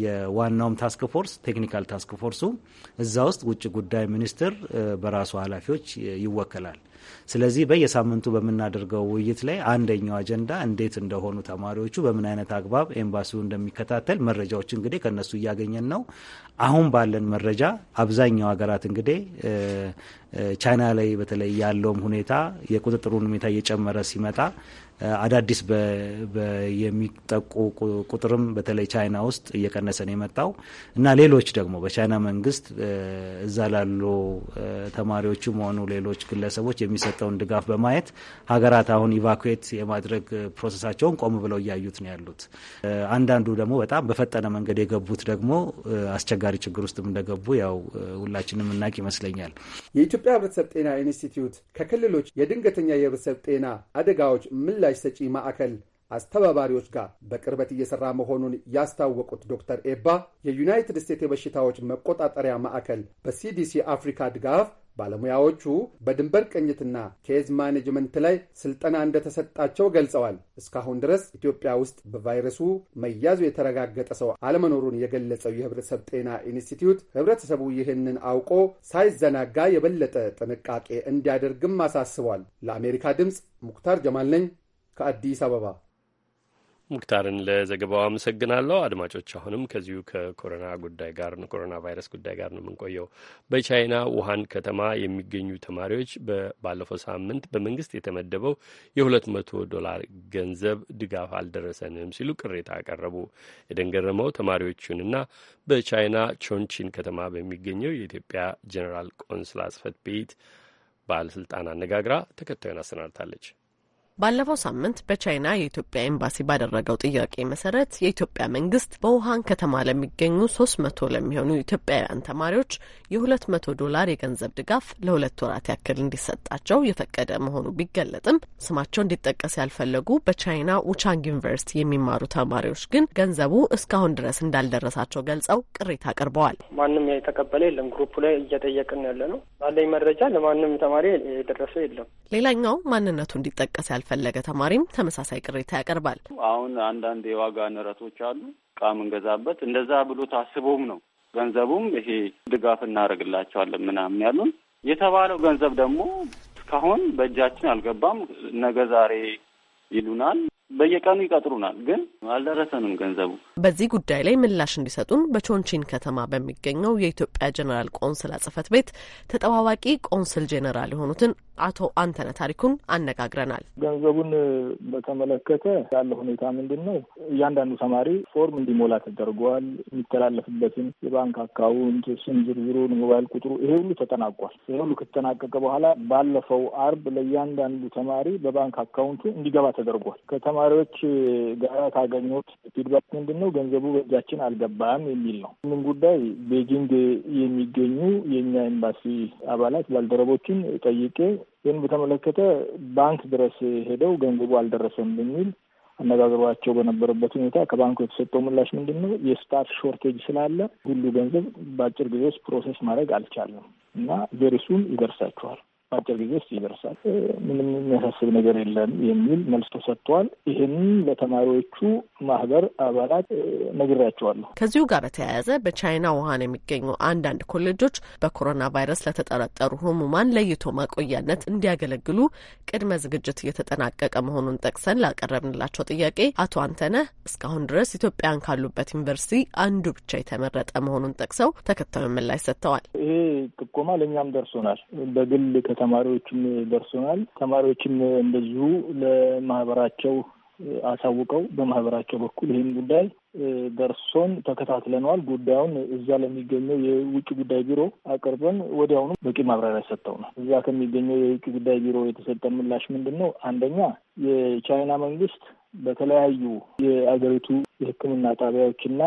የዋናውም ታስክ ፎርስ ቴክኒካል ታስክ ፎርሱ እዛ ውስጥ ውጭ ጉዳይ ሚኒስትር በራሱ ኃላፊዎች ይወከላል። ስለዚህ በየሳምንቱ በምናደርገው ውይይት ላይ አንደኛው አጀንዳ እንዴት እንደሆኑ ተማሪዎቹ በምን አይነት አግባብ ኤምባሲው እንደሚከታተል መረጃዎች እንግዲህ ከነሱ እያገኘን ነው። አሁን ባለን መረጃ አብዛኛው ሀገራት እንግዲህ ቻይና ላይ በተለይ ያለውም ሁኔታ የቁጥጥሩን ሁኔታ እየጨመረ ሲመጣ አዳዲስ የሚጠቁ ቁጥርም በተለይ ቻይና ውስጥ እየቀነሰ ነው የመጣው እና ሌሎች ደግሞ በቻይና መንግስት እዛ ላሉ ተማሪዎችም ሆኑ ሌሎች ግለሰቦች የሚሰጠውን ድጋፍ በማየት ሀገራት አሁን ኢቫኩዌት የማድረግ ፕሮሰሳቸውን ቆም ብለው እያዩት ነው ያሉት። አንዳንዱ ደግሞ በጣም በፈጠነ መንገድ የገቡት ደግሞ አስቸጋሪ ችግር ውስጥም እንደገቡ ያው ሁላችንም እናቅ ይመስለኛል። የኢትዮጵያ ህብረተሰብ ጤና ኢንስቲትዩት ከክልሎች የድንገተኛ የህብረተሰብ ጤና አደጋዎች ምላ ምላሽ ሰጪ ማዕከል አስተባባሪዎች ጋር በቅርበት እየሰራ መሆኑን ያስታወቁት ዶክተር ኤባ የዩናይትድ ስቴትስ የበሽታዎች መቆጣጠሪያ ማዕከል በሲዲሲ አፍሪካ ድጋፍ ባለሙያዎቹ በድንበር ቅኝትና ኬዝ ማኔጅመንት ላይ ስልጠና እንደተሰጣቸው ገልጸዋል። እስካሁን ድረስ ኢትዮጵያ ውስጥ በቫይረሱ መያዙ የተረጋገጠ ሰው አለመኖሩን የገለጸው የህብረተሰብ ጤና ኢንስቲትዩት ህብረተሰቡ ይህንን አውቆ ሳይዘናጋ የበለጠ ጥንቃቄ እንዲያደርግም አሳስቧል። ለአሜሪካ ድምፅ ሙክታር ጀማል ነኝ ከአዲስ አበባ ሙክታርን ለዘገባው አመሰግናለሁ። አድማጮች አሁንም ከዚሁ ከኮሮና ጉዳይ ጋር ኮሮና ቫይረስ ጉዳይ ጋር ነው የምንቆየው። በቻይና ውሃን ከተማ የሚገኙ ተማሪዎች ባለፈው ሳምንት በመንግስት የተመደበው የሁለት መቶ ዶላር ገንዘብ ድጋፍ አልደረሰንም ሲሉ ቅሬታ አቀረቡ። የደንገረመው ተማሪዎቹንና በቻይና ቾንቺን ከተማ በሚገኘው የኢትዮጵያ ጄኔራል ቆንስላ ጽህፈት ቤት ባለስልጣን አነጋግራ ተከታዩን አሰናድታለች። ባለፈው ሳምንት በቻይና የኢትዮጵያ ኤምባሲ ባደረገው ጥያቄ መሰረት የኢትዮጵያ መንግስት በውሃን ከተማ ለሚገኙ ሶስት መቶ ለሚሆኑ ኢትዮጵያውያን ተማሪዎች የሁለት መቶ ዶላር የገንዘብ ድጋፍ ለሁለት ወራት ያክል እንዲሰጣቸው የፈቀደ መሆኑ ቢገለጥም ስማቸው እንዲጠቀስ ያልፈለጉ በቻይና ውቻንግ ዩኒቨርሲቲ የሚማሩ ተማሪዎች ግን ገንዘቡ እስካሁን ድረስ እንዳልደረሳቸው ገልጸው ቅሬታ አቅርበዋል። ማንም የተቀበለ የለም። ግሩፕ ላይ እየጠየቅን ያለ ነው። ባለኝ መረጃ ለማንም ተማሪ የደረሰ የለም። ሌላኛው ማንነቱ እንዲጠቀስ ያልፈ ፈለገ ተማሪም ተመሳሳይ ቅሬታ ያቀርባል። አሁን አንዳንድ የዋጋ ንረቶች አሉ። እቃ ምንገዛበት እንደዛ ብሎ ታስቦም ነው ገንዘቡም ይሄ ድጋፍ እናደርግላቸዋለን ምናምን ያሉን የተባለው ገንዘብ ደግሞ እስካሁን በእጃችን አልገባም። ነገ ዛሬ ይሉናል። በየቀኑ ይቀጥሩናል፣ ግን አልደረሰንም ገንዘቡ። በዚህ ጉዳይ ላይ ምላሽ እንዲሰጡን በቾንቺን ከተማ በሚገኘው የኢትዮጵያ ጀኔራል ቆንስላ ጽህፈት ቤት ተጠባባቂ ቆንስል ጄኔራል የሆኑትን አቶ አንተነ ታሪኩን አነጋግረናል። ገንዘቡን በተመለከተ ያለ ሁኔታ ምንድን ነው? እያንዳንዱ ተማሪ ፎርም እንዲሞላ ተደርጓል። የሚተላለፍበትን የባንክ አካውንት ስም ዝርዝሩን፣ ሞባይል ቁጥሩ ይሄ ሁሉ ተጠናቋል። ይሄ ሁሉ ከተጠናቀቀ በኋላ ባለፈው አርብ ለእያንዳንዱ ተማሪ በባንክ አካውንቱ እንዲገባ ተደርጓል። ከተማሪዎች ጋር ካገኘሁት ፊድባክ ምንድን ነው? ገንዘቡ በእጃችን አልገባም የሚል ነው። ምን ጉዳይ ቤጂንግ የሚገኙ የእኛ ኤምባሲ አባላት ባልደረቦችን ጠይቄ ይህን በተመለከተ ባንክ ድረስ ሄደው ገንዘቡ አልደረሰም በሚል አነጋግሯቸው በነበረበት ሁኔታ ከባንኩ የተሰጠው ምላሽ ምንድን ነው? የስታፍ ሾርቴጅ ስላለ ሁሉ ገንዘብ በአጭር ጊዜ ውስጥ ፕሮሰስ ማድረግ አልቻለም እና ቬሪሱን ይደርሳችኋል በአጭር ጊዜ ውስጥ ይደርሳል፣ ምንም የሚያሳስብ ነገር የለም የሚል መልስ ተሰጥቷል። ይህን ለተማሪዎቹ ማህበር አባላት ነግሬያቸዋለሁ። ከዚሁ ጋር በተያያዘ በቻይና ውሀን የሚገኙ አንዳንድ ኮሌጆች በኮሮና ቫይረስ ለተጠረጠሩ ህሙማን ለይቶ ማቆያነት እንዲያገለግሉ ቅድመ ዝግጅት እየተጠናቀቀ መሆኑን ጠቅሰን ላቀረብንላቸው ጥያቄ አቶ አንተነህ እስካሁን ድረስ ኢትዮጵያን ካሉበት ዩኒቨርሲቲ አንዱ ብቻ የተመረጠ መሆኑን ጠቅሰው ተከታዩን ምላሽ ሰጥተዋል። ይሄ ጥቆማ ለእኛም ደርሶናል። በግል ተማሪዎችም ደርሶናል። ተማሪዎችም እንደዚሁ ለማህበራቸው አሳውቀው በማህበራቸው በኩል ይህን ጉዳይ ደርሶን ተከታትለነዋል። ጉዳዩን እዛ ለሚገኘው የውጭ ጉዳይ ቢሮ አቅርበን ወዲያውኑ በቂ ማብራሪያ ሰጠው ነው። እዛ ከሚገኘው የውጭ ጉዳይ ቢሮ የተሰጠ ምላሽ ምንድን ነው? አንደኛ የቻይና መንግስት በተለያዩ የአገሪቱ የሕክምና ጣቢያዎችና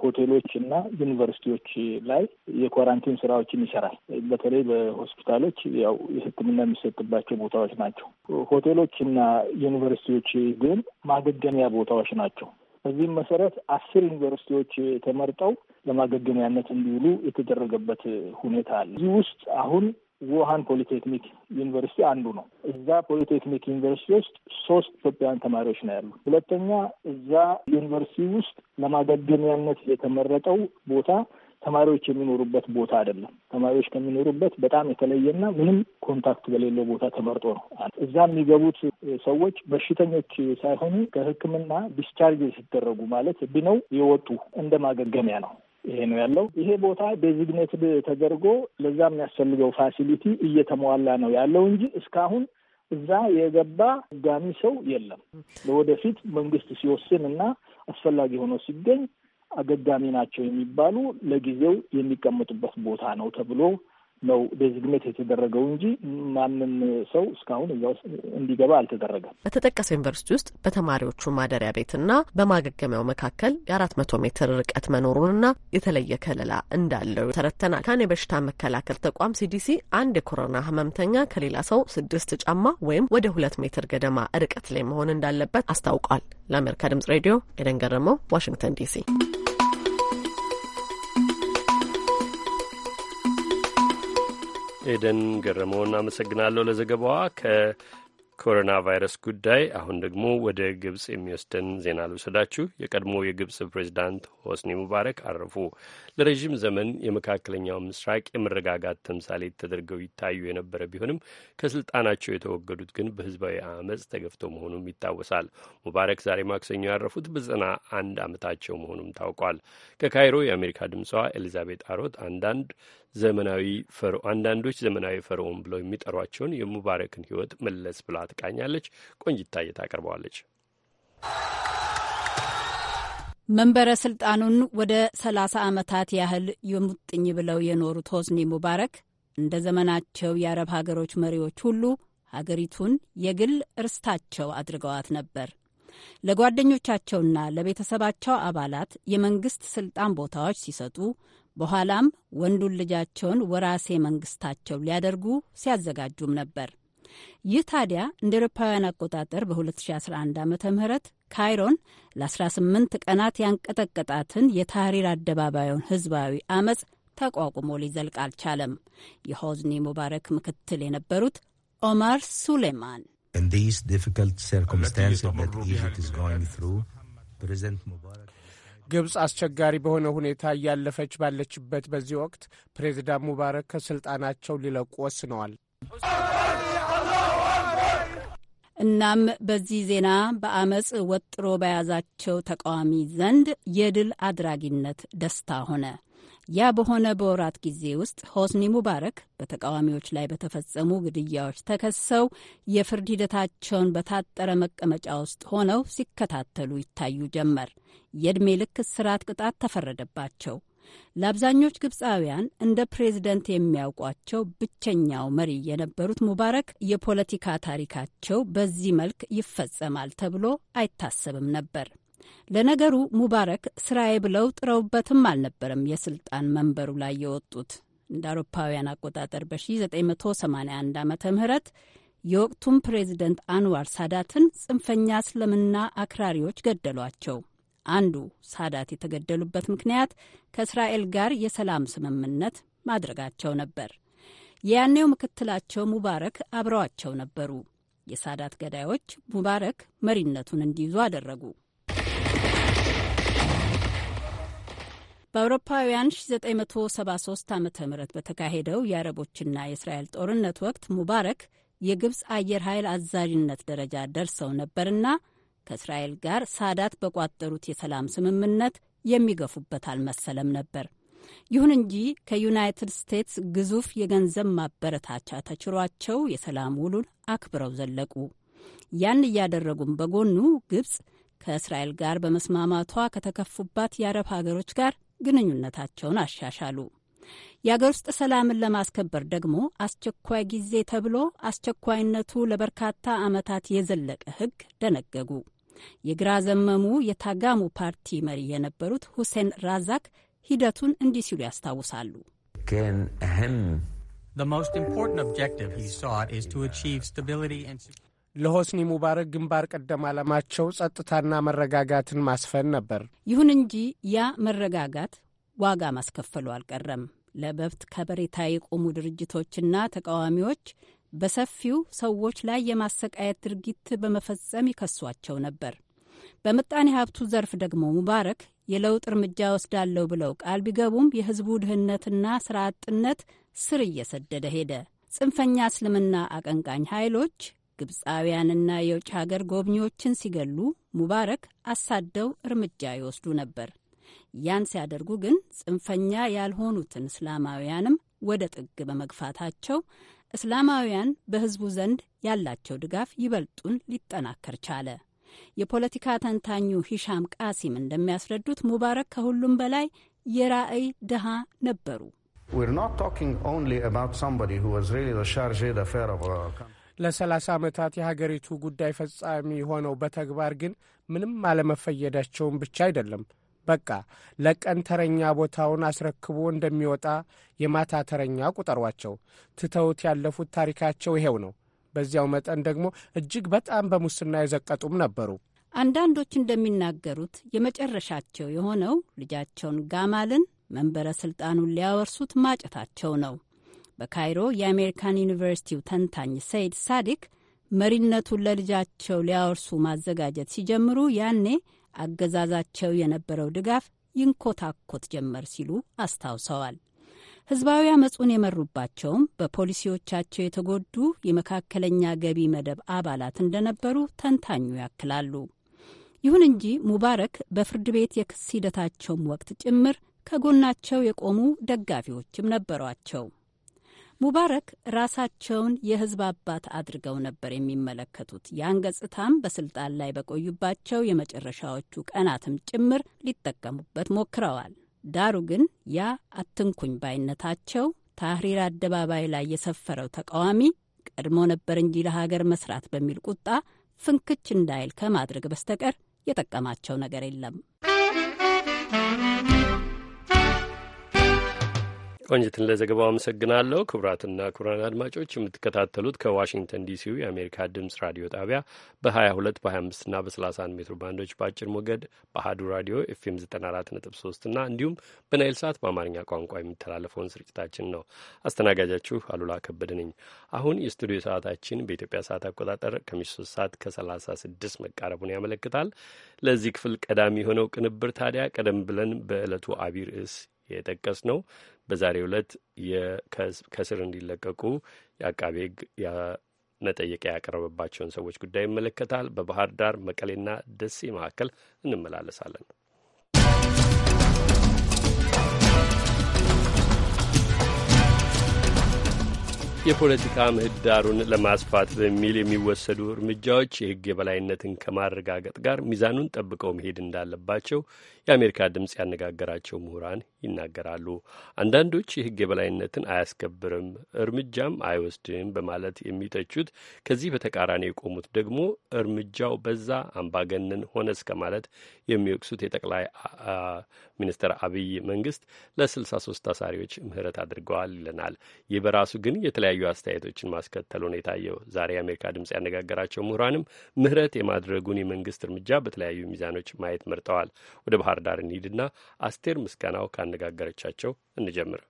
ሆቴሎች እና ዩኒቨርሲቲዎች ላይ የኳራንቲን ስራዎችን ይሰራል። በተለይ በሆስፒታሎች ያው የሕክምና የሚሰጥባቸው ቦታዎች ናቸው። ሆቴሎች እና ዩኒቨርሲቲዎች ግን ማገገሚያ ቦታዎች ናቸው። በዚህም መሰረት አስር ዩኒቨርሲቲዎች ተመርጠው ለማገገሚያነት እንዲውሉ የተደረገበት ሁኔታ አለ። እዚህ ውስጥ አሁን ውሃን ፖሊቴክኒክ ዩኒቨርሲቲ አንዱ ነው። እዛ ፖሊቴክኒክ ዩኒቨርሲቲ ውስጥ ሶስት ኢትዮጵያውያን ተማሪዎች ነው ያሉ። ሁለተኛ እዛ ዩኒቨርሲቲ ውስጥ ለማገገሚያነት የተመረጠው ቦታ ተማሪዎች የሚኖሩበት ቦታ አይደለም። ተማሪዎች ከሚኖሩበት በጣም የተለየና ምንም ኮንታክት በሌለው ቦታ ተመርጦ ነው። እዛ የሚገቡት ሰዎች በሽተኞች ሳይሆኑ ከሕክምና ዲስቻርጅ ሲደረጉ ማለት ድነው የወጡ እንደ ማገገሚያ ነው። ይሄ ነው ያለው። ይሄ ቦታ ዴዚግኔትድ ተደርጎ ለዛ የሚያስፈልገው ፋሲሊቲ እየተሟላ ነው ያለው እንጂ እስካሁን እዛ የገባ ጋሚ ሰው የለም። ለወደፊት መንግስት ሲወስን እና አስፈላጊ ሆኖ ሲገኝ አገጋሚ ናቸው የሚባሉ ለጊዜው የሚቀመጡበት ቦታ ነው ተብሎ ነው ዴዚግኔት የተደረገው እንጂ ማንም ሰው እስካሁን እዛ ውስጥ እንዲገባ አልተደረገም። በተጠቀሰው ዩኒቨርሲቲ ውስጥ በተማሪዎቹ ማደሪያ ቤትና በማገገሚያው መካከል የአራት መቶ ሜትር ርቀት መኖሩንና የተለየ ከለላ እንዳለው ተረተናል። ካን የበሽታ መከላከል ተቋም ሲዲሲ አንድ የኮሮና ህመምተኛ ከሌላ ሰው ስድስት ጫማ ወይም ወደ ሁለት ሜትር ገደማ ርቀት ላይ መሆን እንዳለበት አስታውቋል። ለአሜሪካ ድምጽ ሬዲዮ ኤደን ገረመው፣ ዋሽንግተን ዲሲ ኤደን ገረመው እናመሰግናለሁ ለዘገባዋ። ከኮሮና ቫይረስ ጉዳይ አሁን ደግሞ ወደ ግብጽ የሚወስደን ዜና ልውሰዳችሁ። የቀድሞ የግብጽ ፕሬዚዳንት ሆስኒ ሙባረክ አረፉ። ለረዥም ዘመን የመካከለኛው ምስራቅ የመረጋጋት ተምሳሌት ተደርገው ይታዩ የነበረ ቢሆንም ከስልጣናቸው የተወገዱት ግን በህዝባዊ አመፅ ተገፍቶ መሆኑም ይታወሳል። ሙባረክ ዛሬ ማክሰኞ ያረፉት በዘጠና አንድ ዓመታቸው መሆኑም ታውቋል። ከካይሮ የአሜሪካ ድምፅዋ ኤሊዛቤት አሮት አንዳንድ ዘመናዊ ፈርዖ አንዳንዶች ዘመናዊ ፈርዖን ብለው የሚጠሯቸውን የሙባረክን ህይወት መለስ ብላ ትቃኛለች። ቆንጅታዬ ታቀርበዋለች። መንበረ ስልጣኑን ወደ 30 ዓመታት ያህል የሙጥኝ ብለው የኖሩት ሆስኒ ሙባረክ እንደ ዘመናቸው የአረብ ሀገሮች መሪዎች ሁሉ ሀገሪቱን የግል እርስታቸው አድርገዋት ነበር። ለጓደኞቻቸውና ለቤተሰባቸው አባላት የመንግስት ስልጣን ቦታዎች ሲሰጡ በኋላም ወንዱን ልጃቸውን ወራሴ መንግስታቸው ሊያደርጉ ሲያዘጋጁም ነበር። ይህ ታዲያ እንደ ኤሮፓውያን አቆጣጠር በ2011 ዓ ም ካይሮን ለ18 ቀናት ያንቀጠቀጣትን የታህሪር አደባባዩን ህዝባዊ አመፅ ተቋቁሞ ሊዘልቅ አልቻለም። የሆዝኒ ሙባረክ ምክትል የነበሩት ኦማር ሱሌማን ግብፅ አስቸጋሪ በሆነ ሁኔታ እያለፈች ባለችበት በዚህ ወቅት ፕሬዚዳንት ሙባረክ ከስልጣናቸው ሊለቁ ወስነዋል። እናም በዚህ ዜና በአመፅ ወጥሮ በያዛቸው ተቃዋሚ ዘንድ የድል አድራጊነት ደስታ ሆነ። ያ በሆነ በወራት ጊዜ ውስጥ ሆስኒ ሙባረክ በተቃዋሚዎች ላይ በተፈጸሙ ግድያዎች ተከሰው የፍርድ ሂደታቸውን በታጠረ መቀመጫ ውስጥ ሆነው ሲከታተሉ ይታዩ ጀመር። የዕድሜ ልክ እስራት ቅጣት ተፈረደባቸው። ለአብዛኞች ግብፃውያን እንደ ፕሬዝደንት የሚያውቋቸው ብቸኛው መሪ የነበሩት ሙባረክ የፖለቲካ ታሪካቸው በዚህ መልክ ይፈጸማል ተብሎ አይታሰብም ነበር። ለነገሩ ሙባረክ ስራዬ ብለው ጥረውበትም አልነበረም የስልጣን መንበሩ ላይ የወጡት። እንደ አውሮፓውያን አቆጣጠር በ1981 ዓ ም የወቅቱም ፕሬዚደንት አንዋር ሳዳትን ጽንፈኛ እስልምና አክራሪዎች ገደሏቸው። አንዱ ሳዳት የተገደሉበት ምክንያት ከእስራኤል ጋር የሰላም ስምምነት ማድረጋቸው ነበር። የያኔው ምክትላቸው ሙባረክ አብረዋቸው ነበሩ። የሳዳት ገዳዮች ሙባረክ መሪነቱን እንዲይዙ አደረጉ። በአውሮፓውያን 1973 ዓ ም በተካሄደው የአረቦችና የእስራኤል ጦርነት ወቅት ሙባረክ የግብፅ አየር ኃይል አዛዥነት ደረጃ ደርሰው ነበርና ከእስራኤል ጋር ሳዳት በቋጠሩት የሰላም ስምምነት የሚገፉበት አልመሰለም ነበር። ይሁን እንጂ ከዩናይትድ ስቴትስ ግዙፍ የገንዘብ ማበረታቻ ተችሯቸው የሰላም ውሉን አክብረው ዘለቁ። ያን እያደረጉም በጎኑ ግብፅ ከእስራኤል ጋር በመስማማቷ ከተከፉባት የአረብ ሀገሮች ጋር ግንኙነታቸውን አሻሻሉ። የአገር ውስጥ ሰላምን ለማስከበር ደግሞ አስቸኳይ ጊዜ ተብሎ አስቸኳይነቱ ለበርካታ ዓመታት የዘለቀ ሕግ ደነገጉ። የግራ ዘመሙ የታጋሙ ፓርቲ መሪ የነበሩት ሁሴን ራዛክ ሂደቱን እንዲህ ሲሉ ያስታውሳሉ። ለሆስኒ ሙባረክ ግንባር ቀደም ዓላማቸው ጸጥታና መረጋጋትን ማስፈን ነበር። ይሁን እንጂ ያ መረጋጋት ዋጋ ማስከፈሉ አልቀረም። ለመብት ከበሬታ የቆሙ ድርጅቶችና ተቃዋሚዎች በሰፊው ሰዎች ላይ የማሰቃየት ድርጊት በመፈጸም ይከሷቸው ነበር። በምጣኔ ሀብቱ ዘርፍ ደግሞ ሙባረክ የለውጥ እርምጃ ወስዳለሁ ብለው ቃል ቢገቡም የህዝቡ ድህነትና ስራ አጥነት ስር እየሰደደ ሄደ። ጽንፈኛ እስልምና አቀንቃኝ ኃይሎች ግብፃውያንና የውጭ ሀገር ጎብኚዎችን ሲገሉ ሙባረክ አሳደው እርምጃ ይወስዱ ነበር። ያን ሲያደርጉ ግን ጽንፈኛ ያልሆኑትን እስላማውያንም ወደ ጥግ በመግፋታቸው እስላማውያን በሕዝቡ ዘንድ ያላቸው ድጋፍ ይበልጡን ሊጠናከር ቻለ። የፖለቲካ ተንታኙ ሂሻም ቃሲም እንደሚያስረዱት ሙባረክ ከሁሉም በላይ የራዕይ ድሃ ነበሩ። ለ30 ዓመታት የሀገሪቱ ጉዳይ ፈጻሚ ሆነው በተግባር ግን ምንም አለመፈየዳቸውን ብቻ አይደለም፣ በቃ ለቀን ተረኛ ቦታውን አስረክቦ እንደሚወጣ የማታ ተረኛ ቁጠሯቸው። ትተውት ያለፉት ታሪካቸው ይሄው ነው። በዚያው መጠን ደግሞ እጅግ በጣም በሙስና የዘቀጡም ነበሩ። አንዳንዶች እንደሚናገሩት የመጨረሻቸው የሆነው ልጃቸውን ጋማልን መንበረ ስልጣኑን ሊያወርሱት ማጨታቸው ነው። በካይሮ የአሜሪካን ዩኒቨርሲቲው ተንታኝ ሰይድ ሳዲክ መሪነቱን ለልጃቸው ሊያወርሱ ማዘጋጀት ሲጀምሩ ያኔ አገዛዛቸው የነበረው ድጋፍ ይንኮታኮት ጀመር ሲሉ አስታውሰዋል። ህዝባዊ አመፁን የመሩባቸውም በፖሊሲዎቻቸው የተጎዱ የመካከለኛ ገቢ መደብ አባላት እንደነበሩ ተንታኙ ያክላሉ። ይሁን እንጂ ሙባረክ በፍርድ ቤት የክስ ሂደታቸውም ወቅት ጭምር ከጎናቸው የቆሙ ደጋፊዎችም ነበሯቸው። ሙባረክ ራሳቸውን የህዝብ አባት አድርገው ነበር የሚመለከቱት። ያን ገጽታም በስልጣን ላይ በቆዩባቸው የመጨረሻዎቹ ቀናትም ጭምር ሊጠቀሙበት ሞክረዋል። ዳሩ ግን ያ አትንኩኝ ባይነታቸው ታህሪር አደባባይ ላይ የሰፈረው ተቃዋሚ ቀድሞ ነበር እንጂ ለሀገር መስራት በሚል ቁጣ ፍንክች እንዳይል ከማድረግ በስተቀር የጠቀማቸው ነገር የለም። ቆንጅትን ለዘገባው አመሰግናለሁ። ክቡራትና ክቡራን አድማጮች የምትከታተሉት ከዋሽንግተን ዲሲው የአሜሪካ ድምጽ ራዲዮ ጣቢያ በ22 በ25ና በ31 ሜትር ባንዶች በአጭር ሞገድ በአሀዱ ራዲዮ ኤፍኤም 94.3 እና እንዲሁም በናይል ሰዓት በአማርኛ ቋንቋ የሚተላለፈውን ስርጭታችን ነው። አስተናጋጃችሁ አሉላ ከበደ ነኝ። አሁን የስቱዲዮ ሰዓታችን በኢትዮጵያ ሰዓት አቆጣጠር ከምሽቱ 3 ሰዓት ከ36 መቃረቡን ያመለክታል። ለዚህ ክፍል ቀዳሚ የሆነው ቅንብር ታዲያ ቀደም ብለን በዕለቱ አቢይ ርዕስ የጠቀስ ነው። በዛሬው ዕለት ከስር እንዲለቀቁ የአቃቤ ሕግ መጠየቂያ ያቀረበባቸውን ሰዎች ጉዳይ ይመለከታል። በባህር ዳር መቀሌና ደሴ መካከል እንመላለሳለን። የፖለቲካ ምህዳሩን ለማስፋት በሚል የሚወሰዱ እርምጃዎች የህግ የበላይነትን ከማረጋገጥ ጋር ሚዛኑን ጠብቀው መሄድ እንዳለባቸው የአሜሪካ ድምፅ ያነጋገራቸው ምሁራን ይናገራሉ። አንዳንዶች የህግ የበላይነትን አያስከብርም፣ እርምጃም አይወስድም በማለት የሚተቹት፣ ከዚህ በተቃራኒ የቆሙት ደግሞ እርምጃው በዛ አምባገነን ሆነ እስከ ማለት የሚወቅሱት የጠቅላይ ሚኒስትር አብይ መንግስት ለ63 ታሳሪዎች ምህረት አድርገዋል ይለናል። ይህ በራሱ ግን የተለያዩ አስተያየቶችን ማስከተሉ ነው የታየው። ዛሬ የአሜሪካ ድምፅ ያነጋገራቸው ምሁራንም ምህረት የማድረጉን የመንግስት እርምጃ በተለያዩ ሚዛኖች ማየት መርጠዋል። ወደ ባህር ዳር እንሂድና አስቴር ምስጋናው ካነጋገረቻቸው እንጀምር።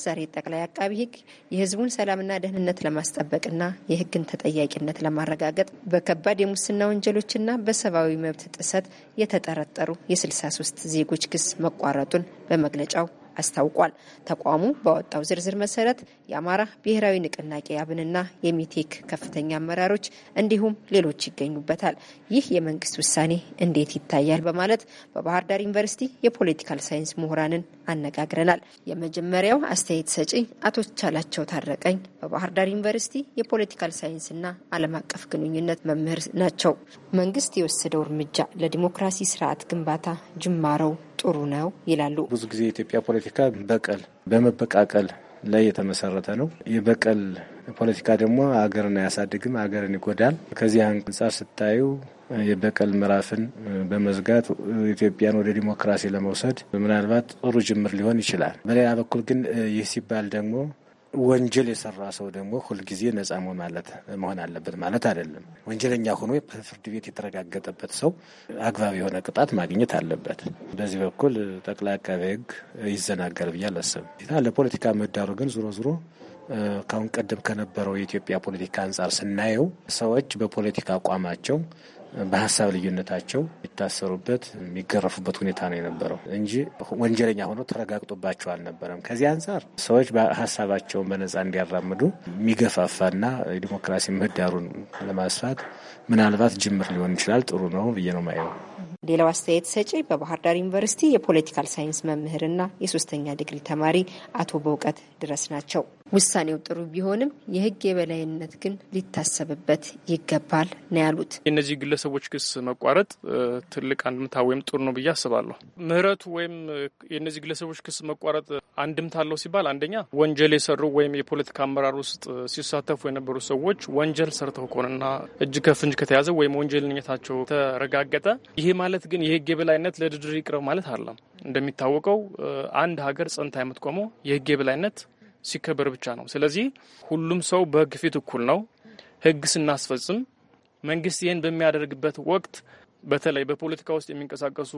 ሰሪ ጠቅላይ አቃቢ ሕግ የሕዝቡን ሰላምና ደህንነት ለማስጠበቅና የሕግን ተጠያቂነት ለማረጋገጥ በከባድ የሙስና ወንጀሎችና በሰብአዊ መብት ጥሰት የተጠረጠሩ የ63 ዜጎች ክስ መቋረጡን በመግለጫው አስታውቋል። ተቋሙ ባወጣው ዝርዝር መሰረት የአማራ ብሔራዊ ንቅናቄ አብንና የሚቴክ ከፍተኛ አመራሮች እንዲሁም ሌሎች ይገኙበታል። ይህ የመንግስት ውሳኔ እንዴት ይታያል? በማለት በባህር ዳር ዩኒቨርሲቲ የፖለቲካል ሳይንስ ምሁራንን አነጋግረናል። የመጀመሪያው አስተያየት ሰጪ አቶ ቻላቸው ታረቀኝ በባህር ዳር ዩኒቨርሲቲ የፖለቲካል ሳይንስና ዓለም አቀፍ ግንኙነት መምህር ናቸው። መንግስት የወሰደው እርምጃ ለዲሞክራሲ ስርዓት ግንባታ ጅማረው ጥሩ ነው ይላሉ። ብዙ ጊዜ የኢትዮጵያ ፖለቲካ በቀል በመበቃቀል ላይ የተመሰረተ ነው። የበቀል ፖለቲካ ደግሞ ሀገርን አያሳድግም፣ ሀገርን ይጎዳል። ከዚህ አንጻር ስታዩ የበቀል ምዕራፍን በመዝጋት ኢትዮጵያን ወደ ዲሞክራሲ ለመውሰድ ምናልባት ጥሩ ጅምር ሊሆን ይችላል። በሌላ በኩል ግን ይህ ሲባል ደግሞ ወንጀል የሰራ ሰው ደግሞ ሁልጊዜ ነጻ መሆን አለበት ማለት አይደለም። ወንጀለኛ ሆኖ በፍርድ ቤት የተረጋገጠበት ሰው አግባብ የሆነ ቅጣት ማግኘት አለበት። በዚህ በኩል ጠቅላይ አቃቤ ሕግ ይዘናጋል ብዬ አላስብም። ለፖለቲካ ምህዳሩ ግን ዞሮ ዞሮ ካሁን ቀደም ከነበረው የኢትዮጵያ ፖለቲካ አንጻር ስናየው ሰዎች በፖለቲካ አቋማቸው በሀሳብ ልዩነታቸው የሚታሰሩበት የሚገረፉበት ሁኔታ ነው የነበረው እንጂ ወንጀለኛ ሆኖ ተረጋግጦባቸው አልነበረም። ከዚህ አንጻር ሰዎች ሀሳባቸውን በነጻ እንዲያራምዱ የሚገፋፋና የዲሞክራሲ ምህዳሩን ለማስፋት ምናልባት ጅምር ሊሆን ይችላል። ጥሩ ነው ብዬ ነው ማየው። ሌላው አስተያየት ሰጪ በባህር ዳር ዩኒቨርሲቲ የፖለቲካል ሳይንስ መምህርና የሶስተኛ ዲግሪ ተማሪ አቶ በእውቀት ድረስ ናቸው። ውሳኔው ጥሩ ቢሆንም የህግ የበላይነት ግን ሊታሰብበት ይገባል ነው ያሉት። የእነዚህ ግለሰቦች ክስ መቋረጥ ትልቅ አንድምታ ወይም ጥሩ ነው ብዬ አስባለሁ። ምህረቱ ወይም የእነዚህ ግለሰቦች ክስ መቋረጥ አንድምታ አለው ሲባል አንደኛ ወንጀል የሰሩ ወይም የፖለቲካ አመራር ውስጥ ሲሳተፉ የነበሩ ሰዎች ወንጀል ሰርተው ከሆነና እጅ ከፍንጅ ከተያዘ ወይም ወንጀልነታቸው ተረጋገጠ ይሄ ማለት ግን የህግ የበላይነት ለድርድር ይቅረብ ማለት አለም። እንደሚታወቀው አንድ ሀገር ጸንታ የምትቆመው የህግ የበላይነት ሲከበር ብቻ ነው። ስለዚህ ሁሉም ሰው በህግ ፊት እኩል ነው። ህግ ስናስፈጽም መንግስት ይህን በሚያደርግበት ወቅት በተለይ በፖለቲካ ውስጥ የሚንቀሳቀሱ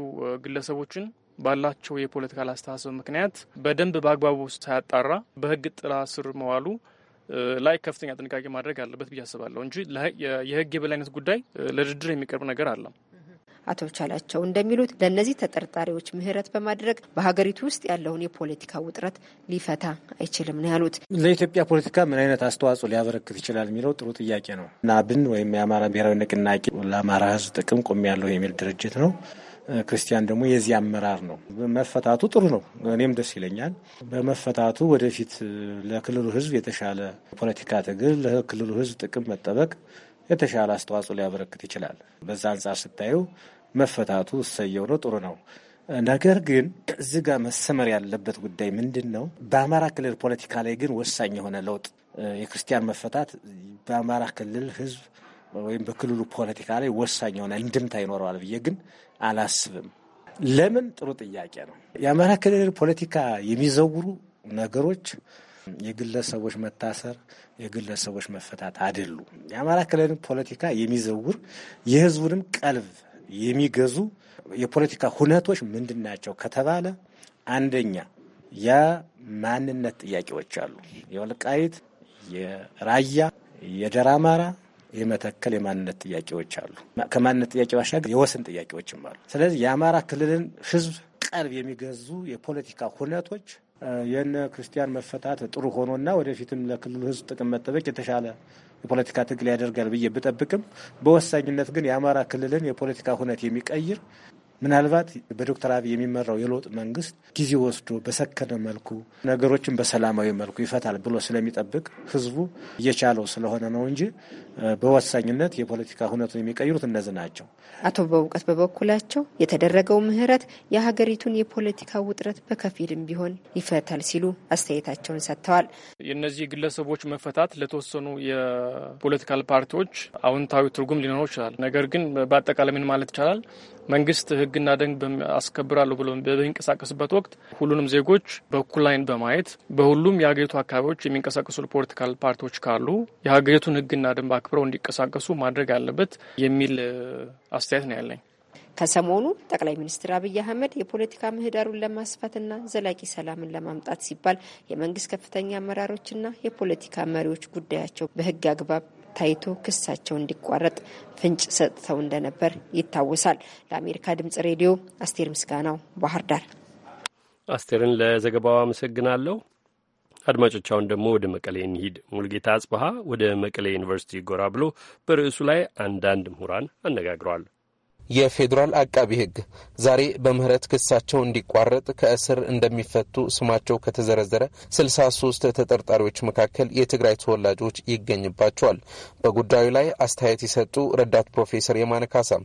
ግለሰቦችን ባላቸው የፖለቲካ አስተሳሰብ ምክንያት በደንብ በአግባቡ ውስጥ ሳያጣራ በህግ ጥላ ስር መዋሉ ላይ ከፍተኛ ጥንቃቄ ማድረግ አለበት ብዬ አስባለሁ እንጂ የህግ የበላይነት ጉዳይ ለድርድር የሚቀርብ ነገር አለም አቶ ቻላቸው እንደሚሉት ለእነዚህ ተጠርጣሪዎች ምህረት በማድረግ በሀገሪቱ ውስጥ ያለውን የፖለቲካ ውጥረት ሊፈታ አይችልም ነው ያሉት። ለኢትዮጵያ ፖለቲካ ምን አይነት አስተዋጽኦ ሊያበረክት ይችላል የሚለው ጥሩ ጥያቄ ነው። ናብን ወይም የአማራ ብሔራዊ ንቅናቄ ለአማራ ህዝብ ጥቅም ያለው የሚል ድርጅት ነው። ክርስቲያን ደግሞ የዚህ አመራር ነው። መፈታቱ ጥሩ ነው። እኔም ደስ ይለኛል በመፈታቱ። ወደፊት ለክልሉ ህዝብ የተሻለ ፖለቲካ ትግል፣ ለክልሉ ህዝብ ጥቅም መጠበቅ የተሻለ አስተዋጽኦ ሊያበረክት ይችላል። በዛ አንጻር ስታዩ መፈታቱ እሰየው ነው፣ ጥሩ ነው። ነገር ግን እዚህ ጋር መሰመር ያለበት ጉዳይ ምንድን ነው? በአማራ ክልል ፖለቲካ ላይ ግን ወሳኝ የሆነ ለውጥ የክርስቲያን መፈታት በአማራ ክልል ህዝብ ወይም በክልሉ ፖለቲካ ላይ ወሳኝ የሆነ እንድምታ ይኖረዋል ብዬ ግን አላስብም። ለምን? ጥሩ ጥያቄ ነው። የአማራ ክልል ፖለቲካ የሚዘውሩ ነገሮች የግለሰቦች መታሰር፣ የግለሰቦች መፈታት አይደሉ የአማራ ክልል ፖለቲካ የሚዘውር የህዝቡንም ቀልብ የሚገዙ የፖለቲካ ሁነቶች ምንድን ናቸው ከተባለ አንደኛ የማንነት ጥያቄዎች አሉ። የወልቃይት፣ የራያ፣ የደራ አማራ፣ የመተከል የማንነት ጥያቄዎች አሉ። ከማንነት ጥያቄ ባሻገር የወሰን ጥያቄዎችም አሉ። ስለዚህ የአማራ ክልልን ህዝብ ቀልብ የሚገዙ የፖለቲካ ሁነቶች የነ ክርስቲያን መፈታት ጥሩ ሆኖና ወደፊትም ለክልሉ ህዝብ ጥቅም መጠበቅ የተሻለ የፖለቲካ ትግል ያደርጋል ብዬ ብጠብቅም በወሳኝነት ግን የአማራ ክልልን የፖለቲካ ሁነት የሚቀይር ምናልባት በዶክተር አብይ የሚመራው የለውጥ መንግስት ጊዜ ወስዶ በሰከነ መልኩ ነገሮችን በሰላማዊ መልኩ ይፈታል ብሎ ስለሚጠብቅ ህዝቡ እየቻለው ስለሆነ ነው እንጂ በወሳኝነት የፖለቲካ ሁነቱን የሚቀይሩት እነዚህ ናቸው። አቶ በእውቀት በበኩላቸው የተደረገው ምህረት የሀገሪቱን የፖለቲካ ውጥረት በከፊልም ቢሆን ይፈታል ሲሉ አስተያየታቸውን ሰጥተዋል። የእነዚህ ግለሰቦች መፈታት ለተወሰኑ የፖለቲካል ፓርቲዎች አዎንታዊ ትርጉም ሊኖረው ይችላል። ነገር ግን በአጠቃላይ ምን ማለት ይቻላል? መንግስት ህግና ደንብ አስከብራለሁ ብሎ በሚንቀሳቀስበት ወቅት ሁሉንም ዜጎች በኩል ላይን በማየት በሁሉም የሀገሪቱ አካባቢዎች የሚንቀሳቀሱ ፖለቲካል ፓርቲዎች ካሉ የሀገሪቱን ህግና ደንብ አክብረው እንዲንቀሳቀሱ ማድረግ አለበት የሚል አስተያየት ነው ያለኝ። ከሰሞኑ ጠቅላይ ሚኒስትር አብይ አህመድ የፖለቲካ ምህዳሩን ለማስፋትና ዘላቂ ሰላምን ለማምጣት ሲባል የመንግስት ከፍተኛ አመራሮችና የፖለቲካ መሪዎች ጉዳያቸው በህግ አግባብ ታይቶ ክሳቸው እንዲቋረጥ ፍንጭ ሰጥተው እንደነበር ይታወሳል። ለአሜሪካ ድምጽ ሬዲዮ አስቴር ምስጋናው ባህር ዳር። አስቴርን ለዘገባው አመሰግናለሁ። አድማጮች አሁን ደግሞ ወደ መቀሌ እንሂድ። ሙልጌታ አጽበሀ ወደ መቀሌ ዩኒቨርሲቲ ጎራ ብሎ በርዕሱ ላይ አንዳንድ ምሁራን አነጋግሯል። የፌዴራል አቃቢ ሕግ ዛሬ በምህረት ክሳቸው እንዲቋረጥ ከእስር እንደሚፈቱ ስማቸው ከተዘረዘረ ስልሳ ሶስት ተጠርጣሪዎች መካከል የትግራይ ተወላጆች ይገኝባቸዋል። በጉዳዩ ላይ አስተያየት የሰጡ ረዳት ፕሮፌሰር የማነ ካሳም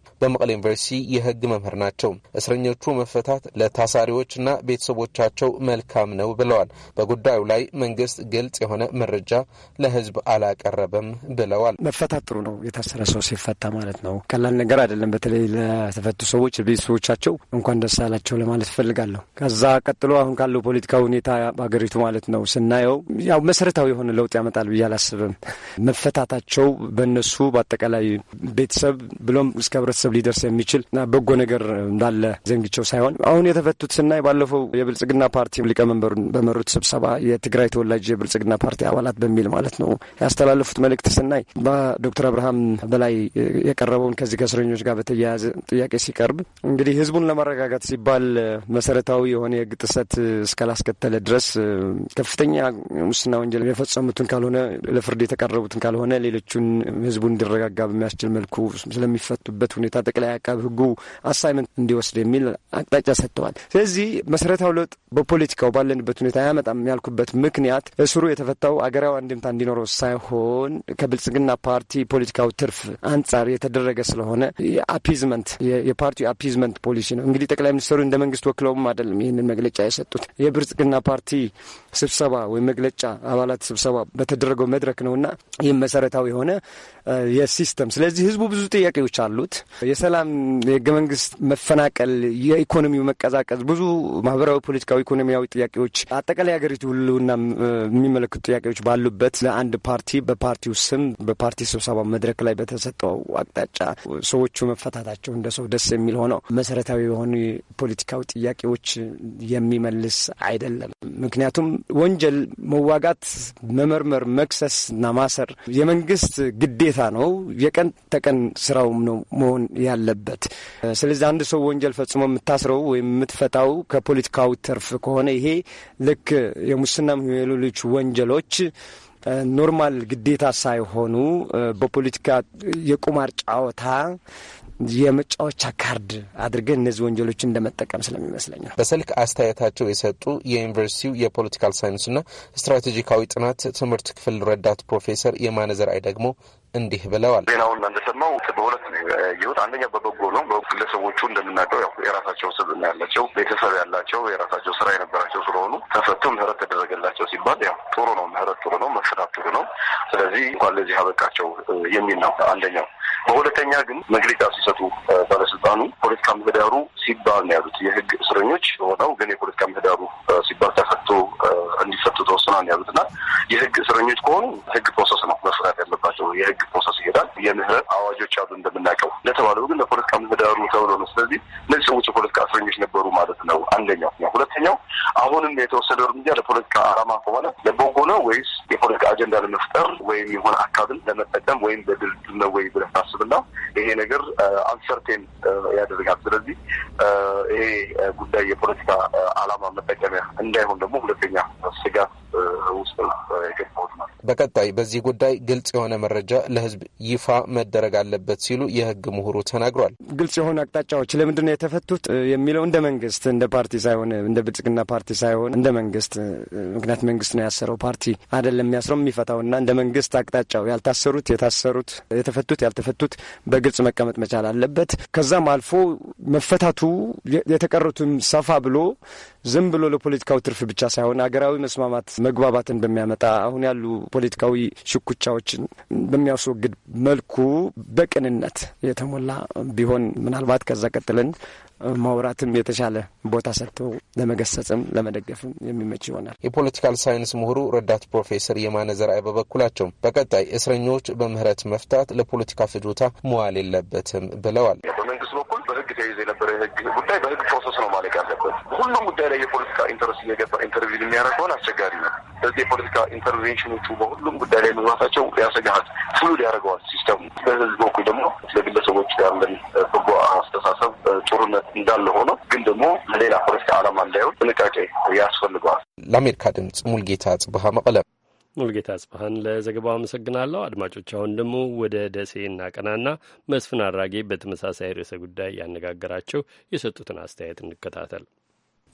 ዩኒቨርሲቲ የህግ መምህር ናቸው። እስረኞቹ መፈታት ለታሳሪዎችና ቤተሰቦቻቸው መልካም ነው ብለዋል። በጉዳዩ ላይ መንግስት ግልጽ የሆነ መረጃ ለህዝብ አላቀረበም ብለዋል። መፈታት ጥሩ ነው። የታሰረ ሰው ሲፈታ ማለት ነው። ቀላል ነገር አይደለም። በተለይ ለተፈቱ ሰዎች ቤተሰቦቻቸው እንኳን ደስ አላቸው ለማለት እፈልጋለሁ። ከዛ ቀጥሎ አሁን ካለው ፖለቲካ ሁኔታ በሀገሪቱ ማለት ነው ስናየው ያው መሰረታዊ የሆነ ለውጥ ያመጣል ብዬ አላስብም። መፈታታቸው በነሱ በአጠቃላይ ቤተሰብ ብሎም እስከ ህብረተሰብ ሊደርስ የሚችል በጎ ነገር እንዳለ ዘንግቸው ሳይሆን አሁን የተፈቱት ስናይ ባለፈው የብልጽግና ፓርቲ ሊቀመንበሩን በመሩት ስብሰባ የትግራይ ተወላጅ የብልጽግና ፓርቲ አባላት በሚል ማለት ነው ያስተላለፉት መልእክት ስናይ በዶክተር አብርሃም በላይ የቀረበውን ከዚህ ከእስረኞች ጋር በተያያዘ ጥያቄ ሲቀርብ እንግዲህ ህዝቡን ለማረጋጋት ሲባል መሰረታዊ የሆነ የህግ ጥሰት እስካላስከተለ ድረስ ከፍተኛ ሙስና ወንጀል የፈጸሙትን ካልሆነ ለፍርድ የተቀረቡትን ካልሆነ ሌሎቹን ህዝቡ እንዲረጋጋ በሚያስችል መልኩ ስለሚፈቱበት ሁኔታ ጠቅላይ አቃቢ ህጉ አሳይመንት እንዲወስድ የሚል አቅጣጫ ሰጥተዋል። ስለዚህ መሰረታዊ ለውጥ በፖለቲካው ባለንበት ሁኔታ አያመጣም ያልኩበት ምክንያት እስሩ የተፈታው አገራዊ አንድምታ እንዲኖረው ሳይሆን ከብልጽግና ፓርቲ ፖለቲካው ትርፍ አንጻር የተደረገ ስለሆነ የአፒዝመ አፒዝመንት የፓርቲው አፒዝመንት ፖሊሲ ነው። እንግዲህ ጠቅላይ ሚኒስትሩ እንደ መንግስት ወክለውም አይደለም ይህንን መግለጫ የሰጡት የብልጽግና ፓርቲ ስብሰባ ወይም መግለጫ አባላት ስብሰባ በተደረገው መድረክ እና ይህም መሰረታዊ የሆነ የሲስተም ስለዚህ ህዝቡ ብዙ ጥያቄዎች አሉት። የሰላም የህገ መንግስት መፈናቀል፣ የኢኮኖሚው መቀዛቀዝ፣ ብዙ ማህበራዊ፣ ፖለቲካዊ፣ ኢኮኖሚያዊ ጥያቄዎች አጠቃላይ ሀገሪቱ ሁሉና የሚመለከቱ ጥያቄዎች ባሉበት ለአንድ ፓርቲ በፓርቲው ስም በፓርቲ ስብሰባ መድረክ ላይ በተሰጠው አቅጣጫ ሰዎቹ መፈታታቸው እንደ ሰው ደስ የሚል ሆነው መሰረታዊ የሆኑ ፖለቲካዊ ጥያቄዎች የሚመልስ አይደለም። ምክንያቱም ወንጀል መዋጋት፣ መመርመር፣ መክሰስ እና ማሰር የመንግስት ግዴታ ግዴታ ነው። የቀን ተቀን ስራውም ነው መሆን ያለበት። ስለዚህ አንድ ሰው ወንጀል ፈጽሞ የምታስረው ወይም የምትፈታው ከፖለቲካዊ ትርፍ ከሆነ ይሄ ልክ የሙስናም የሌሎች ወንጀሎች ኖርማል ግዴታ ሳይሆኑ በፖለቲካ የቁማር ጨዋታ የመጫወቻ ካርድ አድርገን እነዚህ ወንጀሎች እንደመጠቀም ስለሚመስለኝ ነው። በስልክ አስተያየታቸው የሰጡ የዩኒቨርሲቲው የፖለቲካል ሳይንስና ስትራቴጂካዊ ጥናት ትምህርት ክፍል ረዳት ፕሮፌሰር የማነዘር አይ ደግሞ እንዲህ ብለዋል። ዜናውን እንደሰማው በሁለት ያየሁት። አንደኛው በበጎ ነው። በግለሰቦቹ እንደምናውቀው ያው የራሳቸው ስብዕና ያላቸው ቤተሰብ ያላቸው የራሳቸው ስራ የነበራቸው ስለሆኑ ተፈቶ ምህረት ተደረገላቸው ሲባል ያው ጥሩ ነው። ምህረት ጥሩ ነው። መፈታት ጥሩ ነው። ስለዚህ እንኳን ለዚህ አበቃቸው የሚል ነው አንደኛው። በሁለተኛ ግን መግለጫ ሲሰጡ ባለስልጣኑ ፖለቲካ ምህዳሩ ሲባል ነው ያሉት። የህግ እስረኞች ሆነው ግን የፖለቲካ ምህዳሩ ሲባል ተፈቶ እንዲፈቱ ተወስኗል ያሉትና የህግ እስረኞች ከሆኑ ህግ ፕሮሰስ ነው መፍራት ያለ ናቸው የህግ ፕሮሰስ ይሄዳል። የምህረት አዋጆች አሉ እንደምናውቀው። ለተባለው ግን ለፖለቲካ ምህዳሩ ተብሎ ነው። ስለዚህ እነዚህ ሰዎች የፖለቲካ እስረኞች ነበሩ ማለት ነው። አንደኛው ሁለተኛው፣ አሁንም የተወሰደው እርምጃ ለፖለቲካ አላማ ከሆነ ለበጎ ነው ወይስ የፖለቲካ አጀንዳ ለመፍጠር ወይም የሆነ አካልን ለመጠቀም ወይም በድርድር ነው ወይ ብለህ ታስብና ይሄ ነገር አንሰርቴን ያደርጋል። ስለዚህ ይሄ ጉዳይ የፖለቲካ አላማ መጠቀሚያ እንዳይሆን ደግሞ ሁለተኛ ስጋት በቀጣይ በዚህ ጉዳይ ግልጽ የሆነ መረጃ ለህዝብ ይፋ መደረግ አለበት ሲሉ የህግ ምሁሩ ተናግሯል። ግልጽ የሆኑ አቅጣጫዎች ለምንድን ነው የተፈቱት የሚለው እንደ መንግስት እንደ ፓርቲ ሳይሆን እንደ ብልጽግና ፓርቲ ሳይሆን እንደ መንግስት ምክንያት መንግስት ነው ያሰረው ፓርቲ አይደለም የሚያስረው የሚፈታው እና እንደ መንግስት አቅጣጫው ያልታሰሩት የታሰሩት የተፈቱት ያልተፈቱት በግልጽ መቀመጥ መቻል አለበት። ከዛም አልፎ መፈታቱ የተቀሩትም ሰፋ ብሎ ዝም ብሎ ለፖለቲካው ትርፍ ብቻ ሳይሆን አገራዊ መስማማት መግባባትን በሚያመጣ አሁን ያሉ ፖለቲካዊ ሽኩቻዎችን በሚያስወግድ መልኩ በቅንነት የተሞላ ቢሆን ምናልባት ከዛ ቀጥለን ማውራትም የተሻለ ቦታ ሰጥተው ለመገሰጽም ለመደገፍም የሚመች ይሆናል። የፖለቲካል ሳይንስ ምሁሩ ረዳት ፕሮፌሰር የማነ ዘርአይ በበኩላቸው በቀጣይ እስረኞች በምህረት መፍታት ለፖለቲካ ፍጆታ መዋል የለበትም ብለዋል። በመንግስት ተያይዞ የነበረ የህግ ጉዳይ በህግ ፕሮሰስ ነው ማለቅ ያለበት። ሁሉም ጉዳይ ላይ የፖለቲካ ኢንተርስ እየገባ ኢንተርቪው የሚያደርግ ከሆነ አስቸጋሪ ነው። ስለዚህ የፖለቲካ ኢንተርቬንሽኖቹ በሁሉም ጉዳይ ላይ መግባታቸው ያሰጋሃል፣ ፍሉድ ያደርገዋል ሲስተሙ። በህዝብ በኩል ደግሞ ለግለሰቦች ያለን በጎ አስተሳሰብ ጥሩነት እንዳለ ሆኖ ግን ደግሞ ለሌላ ፖለቲካ አላማ እንዳይሆን ጥንቃቄ ያስፈልገዋል። ለአሜሪካ ድምፅ ሙልጌታ ጽብሃ መቀለም ሙልጌታ ጽብሃን ለዘገባው አመሰግናለሁ። አድማጮች፣ አሁን ደግሞ ወደ ደሴ እናቀናና መስፍን አድራጌ በተመሳሳይ ርዕሰ ጉዳይ ያነጋገራቸው የሰጡትን አስተያየት እንከታተል።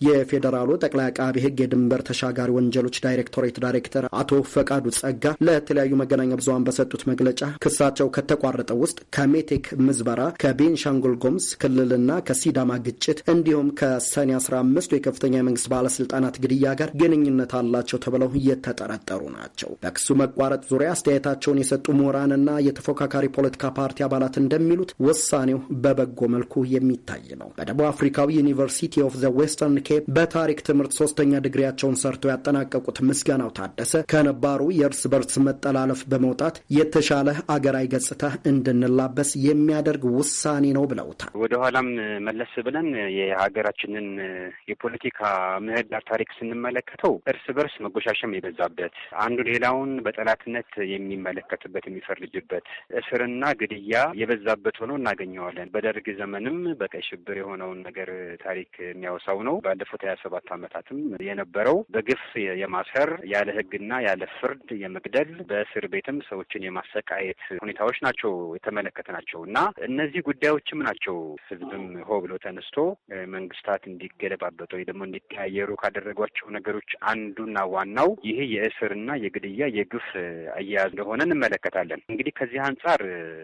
የፌዴራሉ ጠቅላይ አቃቢ ህግ የድንበር ተሻጋሪ ወንጀሎች ዳይሬክቶሬት ዳይሬክተር አቶ ፈቃዱ ጸጋ ለተለያዩ መገናኛ ብዙሀን በሰጡት መግለጫ ክሳቸው ከተቋረጠ ውስጥ ከሜቴክ ምዝበራ፣ ከቤንሻንጉል ጎምስ ክልልና ከሲዳማ ግጭት እንዲሁም ከሰኔ 15 የከፍተኛ የመንግስት ባለስልጣናት ግድያ ጋር ግንኙነት አላቸው ተብለው የተጠረጠሩ ናቸው። በክሱ መቋረጥ ዙሪያ አስተያየታቸውን የሰጡ ምሁራንና የተፎካካሪ ፖለቲካ ፓርቲ አባላት እንደሚሉት ውሳኔው በበጎ መልኩ የሚታይ ነው። በደቡብ አፍሪካዊ ዩኒቨርሲቲ ኦፍ ዘ ዌስተርን በታሪክ ትምህርት ሶስተኛ ድግሪያቸውን ሰርተው ያጠናቀቁት ምስጋናው ታደሰ ከነባሩ የእርስ በርስ መጠላለፍ በመውጣት የተሻለ አገራዊ ገጽታ እንድንላበስ የሚያደርግ ውሳኔ ነው ብለውታል። ወደኋላም መለስ ብለን የሀገራችንን የፖለቲካ ምህዳር ታሪክ ስንመለከተው እርስ በርስ መጎሻሸም የበዛበት አንዱ ሌላውን በጠላትነት የሚመለከትበት የሚፈርጅበት፣ እስርና ግድያ የበዛበት ሆኖ እናገኘዋለን። በደርግ ዘመንም በቀይ ሽብር የሆነውን ነገር ታሪክ የሚያወሳው ነው። ባለፉት ሀያ ሰባት አመታትም የነበረው በግፍ የማሰር ያለ ህግና ያለ ፍርድ የመግደል በእስር ቤትም ሰዎችን የማሰቃየት ሁኔታዎች ናቸው የተመለከተ ናቸው እና እነዚህ ጉዳዮችም ናቸው ህዝብም ሆ ብሎ ተነስቶ መንግስታት እንዲገለባበጡ ወይ ደግሞ እንዲቀያየሩ ካደረጓቸው ነገሮች አንዱና ዋናው ይህ የእስርና የግድያ የግፍ አያያዝ እንደሆነ እንመለከታለን። እንግዲህ ከዚህ አንጻር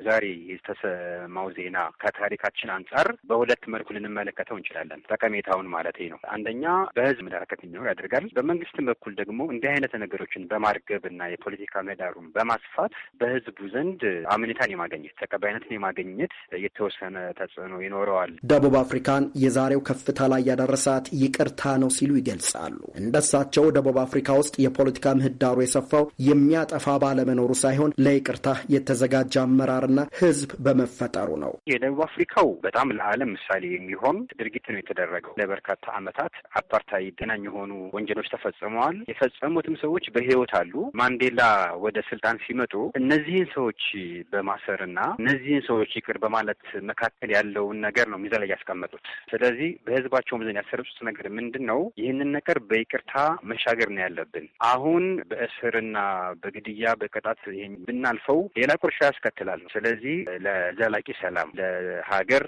ዛሬ የተሰማው ዜና ከታሪካችን አንጻር በሁለት መልኩ ልንመለከተው እንችላለን። ጠቀሜታውን ማለት ነው። አንደኛ በህዝብ መዳረከት እንዲኖር ያደርጋል። በመንግስትም በኩል ደግሞ እንዲህ አይነት ነገሮችን በማርገብ እና የፖለቲካ ምህዳሩን በማስፋት በህዝቡ ዘንድ አመኔታን የማገኘት ተቀባይነትን የማገኘት የተወሰነ ተጽዕኖ ይኖረዋል። ደቡብ አፍሪካን የዛሬው ከፍታ ላይ ያደረሳት ይቅርታ ነው ሲሉ ይገልጻሉ። እንደሳቸው ደቡብ አፍሪካ ውስጥ የፖለቲካ ምህዳሩ የሰፋው የሚያጠፋ ባለመኖሩ ሳይሆን ለይቅርታ የተዘጋጀ አመራርና ህዝብ በመፈጠሩ ነው። የደቡብ አፍሪካው በጣም ለዓለም ምሳሌ የሚሆን ድርጊት ነው የተደረገው ለበርካታ ዓመታት አፓርታይድ ገናኝ የሆኑ ወንጀሎች ተፈጽመዋል። የፈጸሙትም ሰዎች በህይወት አሉ። ማንዴላ ወደ ስልጣን ሲመጡ እነዚህን ሰዎች በማሰርና እነዚህን ሰዎች ይቅር በማለት መካከል ያለውን ነገር ነው ሚዛን ላይ ያስቀመጡት። ስለዚህ በህዝባቸውም ዘንድ ያሰረጹት ነገር ምንድን ነው? ይህንን ነገር በይቅርታ መሻገር ነው ያለብን። አሁን በእስርና በግድያ በቅጣት ይህን ብናልፈው ሌላ ቁርሻ ያስከትላል። ስለዚህ ለዘላቂ ሰላም ለሀገር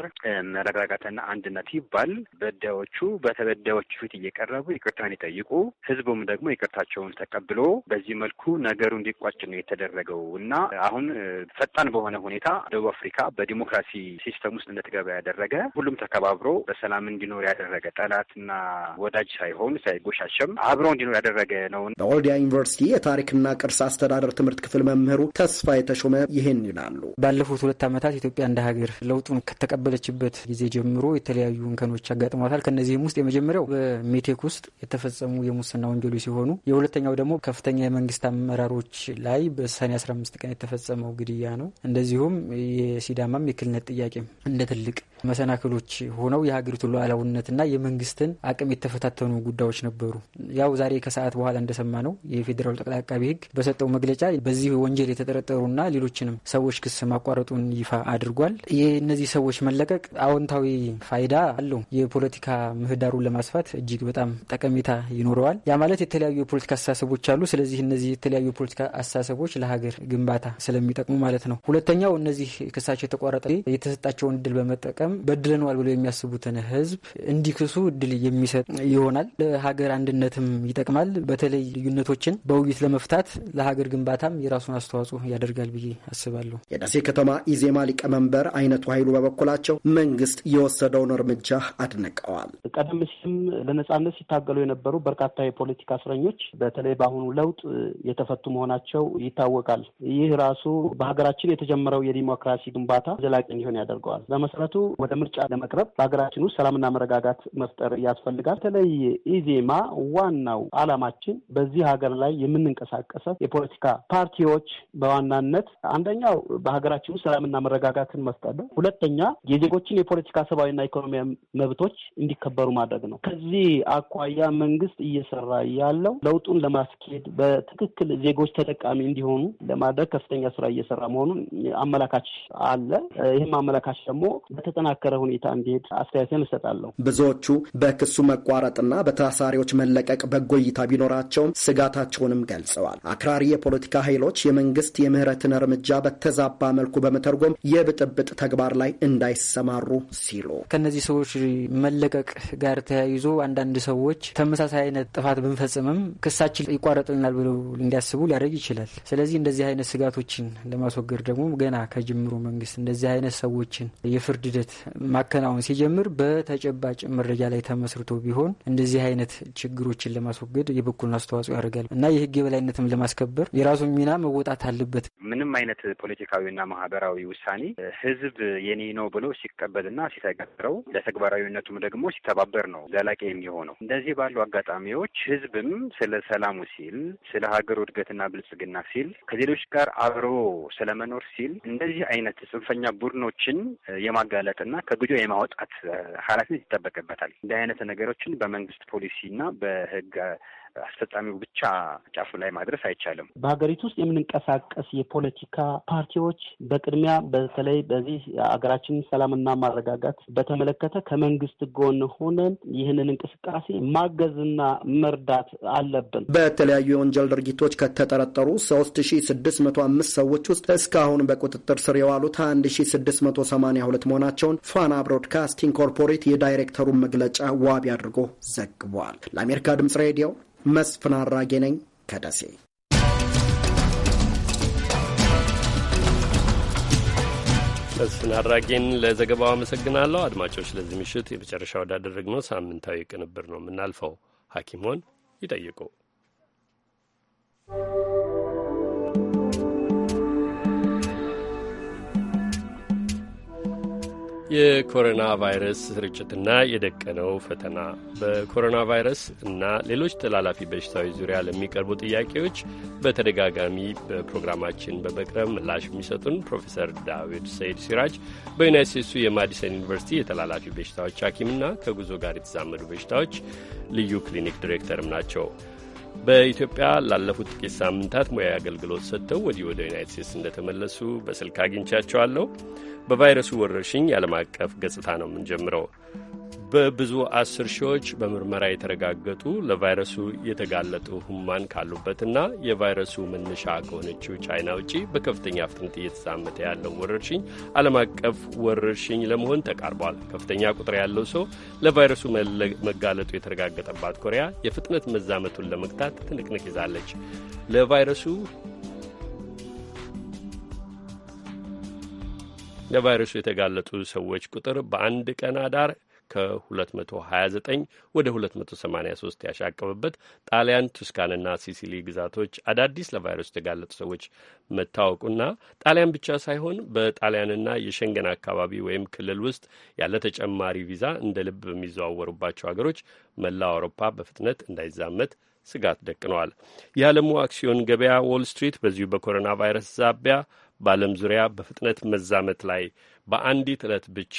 መረጋጋትና አንድነት ይባል በዳዮቹ በተ በበዳዮቹ ፊት እየቀረቡ ይቅርታን ይጠይቁ፣ ህዝቡም ደግሞ ይቅርታቸውን ተቀብሎ በዚህ መልኩ ነገሩ እንዲቋጭ ነው የተደረገው እና አሁን ፈጣን በሆነ ሁኔታ ደቡብ አፍሪካ በዲሞክራሲ ሲስተም ውስጥ እንደተገባ ያደረገ ሁሉም ተከባብሮ በሰላም እንዲኖር ያደረገ ጠላትና ወዳጅ ሳይሆን ሳይጎሻሸም አብሮ እንዲኖር ያደረገ ነው። በኦልዲያ ዩኒቨርሲቲ የታሪክና ቅርስ አስተዳደር ትምህርት ክፍል መምህሩ ተስፋ የተሾመ ይህን ይላሉ። ባለፉት ሁለት ዓመታት ኢትዮጵያ እንደ ሀገር ለውጡን ከተቀበለችበት ጊዜ ጀምሮ የተለያዩ እንከኖች አጋጥሟታል። ከነዚህም ውስጥ የመጀመሪያው በሜቴክ ውስጥ የተፈጸሙ የሙስና ወንጀሎች ሲሆኑ የሁለተኛው ደግሞ ከፍተኛ የመንግስት አመራሮች ላይ በሰኔ 15 ቀን የተፈጸመው ግድያ ነው። እንደዚሁም የሲዳማም የክልነት ጥያቄም እንደ ትልቅ መሰናክሎች ሆነው የሀገሪቱን ሉዓላዊነትና የመንግስትን አቅም የተፈታተኑ ጉዳዮች ነበሩ። ያው ዛሬ ከሰዓት በኋላ እንደሰማ ነው የፌዴራሉ ጠቅላይ አቃቢ ህግ በሰጠው መግለጫ በዚህ ወንጀል የተጠረጠሩና ሌሎችንም ሰዎች ክስ ማቋረጡን ይፋ አድርጓል። የእነዚህ ሰዎች መለቀቅ አዎንታዊ ፋይዳ አለው። የፖለቲካ ምህዳሩን ለማስፋት እጅግ በጣም ጠቀሜታ ይኖረዋል። ያ ማለት የተለያዩ የፖለቲካ አስተሳሰቦች አሉ። ስለዚህ እነዚህ የተለያዩ የፖለቲካ አስተሳሰቦች ለሀገር ግንባታ ስለሚጠቅሙ ማለት ነው። ሁለተኛው እነዚህ ክሳቸው የተቋረጠ የተሰጣቸውን እድል በመጠቀም በድለነዋል ብለው የሚያስቡትን ህዝብ እንዲክሱ እድል የሚሰጥ ይሆናል። ለሀገር አንድነትም ይጠቅማል። በተለይ ልዩነቶችን በውይይት ለመፍታት ለሀገር ግንባታም የራሱን አስተዋጽኦ ያደርጋል ብዬ አስባለሁ። የደሴ ከተማ ኢዜማ ሊቀመንበር አይነቱ ኃይሉ በበኩላቸው መንግስት የወሰደውን እርምጃ አድንቀዋል። ቀደም ሲል ውስጥም ለነጻነት ሲታገሉ የነበሩ በርካታ የፖለቲካ እስረኞች በተለይ በአሁኑ ለውጥ የተፈቱ መሆናቸው ይታወቃል። ይህ ራሱ በሀገራችን የተጀመረው የዲሞክራሲ ግንባታ ዘላቂ እንዲሆን ያደርገዋል። በመሰረቱ ወደ ምርጫ ለመቅረብ በሀገራችን ውስጥ ሰላምና መረጋጋት መፍጠር ያስፈልጋል። በተለይ ኢዜማ ዋናው አላማችን በዚህ ሀገር ላይ የምንንቀሳቀሰው የፖለቲካ ፓርቲዎች በዋናነት አንደኛው በሀገራችን ውስጥ ሰላምና መረጋጋትን መፍጠር ነው። ሁለተኛ የዜጎችን የፖለቲካ ሰብአዊና ኢኮኖሚያዊ መብቶች እንዲከበሩ ማድረግ ነው። ነው። ከዚህ አኳያ መንግስት እየሰራ ያለው ለውጡን ለማስኬድ በትክክል ዜጎች ተጠቃሚ እንዲሆኑ ለማድረግ ከፍተኛ ስራ እየሰራ መሆኑን አመላካች አለ። ይህም አመላካች ደግሞ በተጠናከረ ሁኔታ እንዲሄድ አስተያየትን እሰጣለሁ። ብዙዎቹ በክሱ መቋረጥና በታሳሪዎች መለቀቅ በጎ እይታ ቢኖራቸውም ስጋታቸውንም ገልጸዋል። አክራሪ የፖለቲካ ኃይሎች የመንግስት የምህረትን እርምጃ በተዛባ መልኩ በመተርጎም የብጥብጥ ተግባር ላይ እንዳይሰማሩ ሲሉ ከነዚህ ሰዎች መለቀቅ ጋር ተያይዞ አንዳንድ ሰዎች ተመሳሳይ አይነት ጥፋት ብንፈጽምም ክሳችን ይቋረጥልናል ብለው እንዲያስቡ ሊያደርግ ይችላል። ስለዚህ እንደዚህ አይነት ስጋቶችን ለማስወገድ ደግሞ ገና ከጅምሩ መንግስት እንደዚህ አይነት ሰዎችን የፍርድ ሂደት ማከናወን ሲጀምር በተጨባጭ መረጃ ላይ ተመስርቶ ቢሆን እንደዚህ አይነት ችግሮችን ለማስወገድ የበኩሉን አስተዋጽኦ ያደርጋል እና የህግ የበላይነትም ለማስከበር የራሱን ሚና መወጣት አለበት። ምንም አይነት ፖለቲካዊና ማህበራዊ ውሳኔ ህዝብ የኔ ነው ብሎ ሲቀበልና ሲተገብረው ለተግባራዊነቱም ደግሞ ሲተባበር ነው ዘላቂ የሚሆነው። እንደዚህ ባሉ አጋጣሚዎች ህዝብም ስለ ሰላሙ ሲል፣ ስለ ሀገሩ እድገትና ብልጽግና ሲል፣ ከሌሎች ጋር አብሮ ስለመኖር ሲል እንደዚህ አይነት ጽንፈኛ ቡድኖችን የማጋለጥና ከጉጆ የማውጣት ኃላፊነት ይጠበቅበታል። እንዲህ አይነት ነገሮችን በመንግስት ፖሊሲና በህግ አስፈጻሚው ብቻ ጫፉ ላይ ማድረስ አይቻልም። በሀገሪቱ ውስጥ የምንንቀሳቀስ የፖለቲካ ፓርቲዎች በቅድሚያ በተለይ በዚህ ሀገራችን ሰላምና ማረጋጋት በተመለከተ ከመንግስት ጎን ሆነን ይህንን እንቅስቃሴ ማገዝና መርዳት አለብን። በተለያዩ የወንጀል ድርጊቶች ከተጠረጠሩ ሶስት ሺ ስድስት መቶ አምስት ሰዎች ውስጥ እስካሁን በቁጥጥር ስር የዋሉት አንድ ሺ ስድስት መቶ ሰማኒያ ሁለት መሆናቸውን ፋና ብሮድካስቲንግ ኮርፖሬት የዳይሬክተሩን መግለጫ ዋቢ አድርጎ ዘግቧል። ለአሜሪካ ድምጽ ሬዲዮ መስፍን አራጌ ነኝ ከደሴ። መስፍን አራጌን ለዘገባው አመሰግናለሁ። አድማጮች፣ ለዚህ ምሽት የመጨረሻ ወዳደረግነው ሳምንታዊ ቅንብር ነው የምናልፈው። ሐኪሞን ይጠይቁ የኮሮና ቫይረስ ስርጭትና የደቀነው ፈተና በኮሮና ቫይረስ እና ሌሎች ተላላፊ በሽታዎች ዙሪያ ለሚቀርቡ ጥያቄዎች በተደጋጋሚ በፕሮግራማችን በመቅረብ ምላሽ የሚሰጡን ፕሮፌሰር ዳዊድ ሰይድ ሲራጅ በዩናይት ስቴትሱ የማዲሰን ዩኒቨርሲቲ የተላላፊ በሽታዎች ሐኪምና ከጉዞ ጋር የተዛመዱ በሽታዎች ልዩ ክሊኒክ ዲሬክተርም ናቸው። በኢትዮጵያ ላለፉት ጥቂት ሳምንታት ሙያዊ አገልግሎት ሰጥተው ወዲህ ወደ ዩናይት ስቴትስ እንደተመለሱ በስልክ አግኝቻቸዋለሁ። በቫይረሱ ወረርሽኝ የዓለም አቀፍ ገጽታ ነው የምንጀምረው። በብዙ አስር ሺዎች በምርመራ የተረጋገጡ ለቫይረሱ የተጋለጡ ህሙማን ካሉበትና የቫይረሱ መነሻ ከሆነችው ቻይና ውጪ በከፍተኛ ፍጥነት እየተዛመተ ያለው ወረርሽኝ ዓለም አቀፍ ወረርሽኝ ለመሆን ተቃርቧል። ከፍተኛ ቁጥር ያለው ሰው ለቫይረሱ መጋለጡ የተረጋገጠባት ኮሪያ የፍጥነት መዛመቱን ለመግታት ትንቅንቅ ይዛለች። ለቫይረሱ ለቫይረሱ የተጋለጡ ሰዎች ቁጥር በአንድ ቀን አዳር ከ229 ወደ 283 ያሻቀበበት ጣሊያን ቱስካንና ሲሲሊ ግዛቶች አዳዲስ ለቫይረሱ የተጋለጡ ሰዎች መታወቁና ጣሊያን ብቻ ሳይሆን በጣሊያንና የሸንገን አካባቢ ወይም ክልል ውስጥ ያለ ተጨማሪ ቪዛ እንደ ልብ በሚዘዋወሩባቸው ሀገሮች መላው አውሮፓ በፍጥነት እንዳይዛመት ስጋት ደቅነዋል። የዓለሙ አክሲዮን ገበያ ዎል ስትሪት በዚሁ በኮሮና ቫይረስ ዛቢያ በዓለም ዙሪያ በፍጥነት መዛመት ላይ በአንዲት ዕለት ብቻ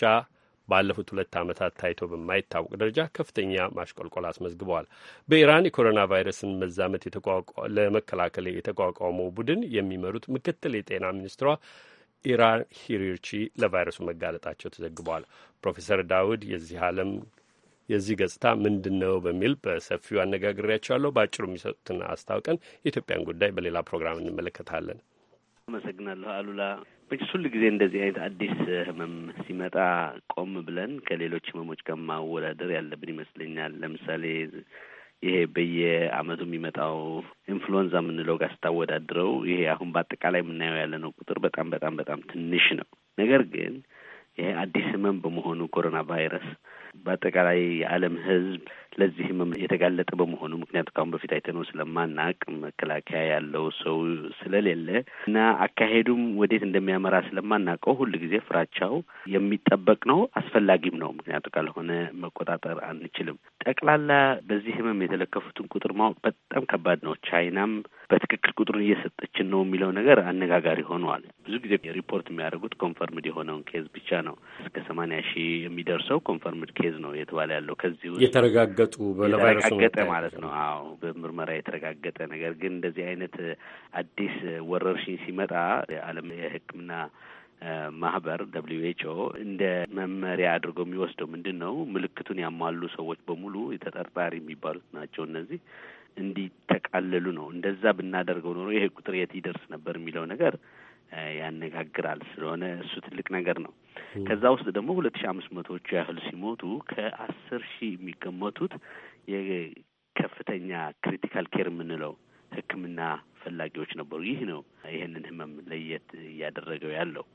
ባለፉት ሁለት ዓመታት ታይቶ በማይታወቅ ደረጃ ከፍተኛ ማሽቆልቆል አስመዝግበዋል። በኢራን የኮሮና ቫይረስን መዛመት ለመከላከል የተቋቋመው ቡድን የሚመሩት ምክትል የጤና ሚኒስትሯ ኢራን ሂሪርቺ ለቫይረሱ መጋለጣቸው ተዘግበዋል። ፕሮፌሰር ዳውድ የዚህ ዓለም የዚህ ገጽታ ምንድን ነው በሚል በሰፊው አነጋግሬያቸዋለሁ። በአጭሩ የሚሰጡትን አስታውቀን የኢትዮጵያን ጉዳይ በሌላ ፕሮግራም እንመለከታለን። አመሰግናለሁ አሉላ። ሁሉ ጊዜ እንደዚህ አይነት አዲስ ህመም ሲመጣ ቆም ብለን ከሌሎች ህመሞች ጋር ማወዳደር ያለብን ይመስለኛል። ለምሳሌ ይሄ በየአመቱ የሚመጣው ኢንፍሉዌንዛ የምንለው ጋር ስታወዳድረው ይሄ አሁን በአጠቃላይ የምናየው ያለነው ቁጥር በጣም በጣም በጣም ትንሽ ነው። ነገር ግን ይሄ አዲስ ህመም በመሆኑ ኮሮና ቫይረስ በአጠቃላይ የዓለም ህዝብ ለዚህ ህመም የተጋለጠ በመሆኑ ምክንያቱ ካሁን በፊት አይተነው ስለማናቅ መከላከያ ያለው ሰው ስለሌለ እና አካሄዱም ወዴት እንደሚያመራ ስለማናውቀው ሁል ጊዜ ፍራቻው የሚጠበቅ ነው፣ አስፈላጊም ነው። ምክንያቱ ካልሆነ መቆጣጠር አንችልም። ጠቅላላ በዚህ ህመም የተለከፉትን ቁጥር ማወቅ በጣም ከባድ ነው። ቻይናም በትክክል ቁጥሩን እየሰጠችን ነው የሚለው ነገር አነጋጋሪ ሆኗል። ብዙ ጊዜ ሪፖርት የሚያደርጉት ኮንፈርምድ የሆነውን ኬዝ ብቻ ነው። እስከ ሰማንያ ሺህ የሚደርሰው ኮንፈርምድ ኬዝ ነው የተባለ ያለው ከዚህ ውስጥ የተረጋገጡ የተረጋገጠ ማለት ነው። አዎ በምርመራ የተረጋገጠ ነገር ግን እንደዚህ አይነት አዲስ ወረርሽኝ ሲመጣ የዓለም የሕክምና ማህበር ደብሊዩ ኤች ኦ እንደ መመሪያ አድርገው የሚወስደው ምንድን ነው? ምልክቱን ያሟሉ ሰዎች በሙሉ ተጠርጣሪ የሚባሉት ናቸው እነዚህ እንዲተቃለሉ ነው። እንደዛ ብናደርገው ኖሮ ይሄ ቁጥር የት ይደርስ ነበር የሚለው ነገር ያነጋግራል። ስለሆነ እሱ ትልቅ ነገር ነው። ከዛ ውስጥ ደግሞ ሁለት ሺ አምስት መቶዎቹ ያህል ሲሞቱ ከአስር ሺህ የሚገመቱት የከፍተኛ ክሪቲካል ኬር የምንለው ሕክምና ፈላጊዎች ነበሩ። ይህ ነው ይህንን ህመም ለየት እያደረገው ያለው።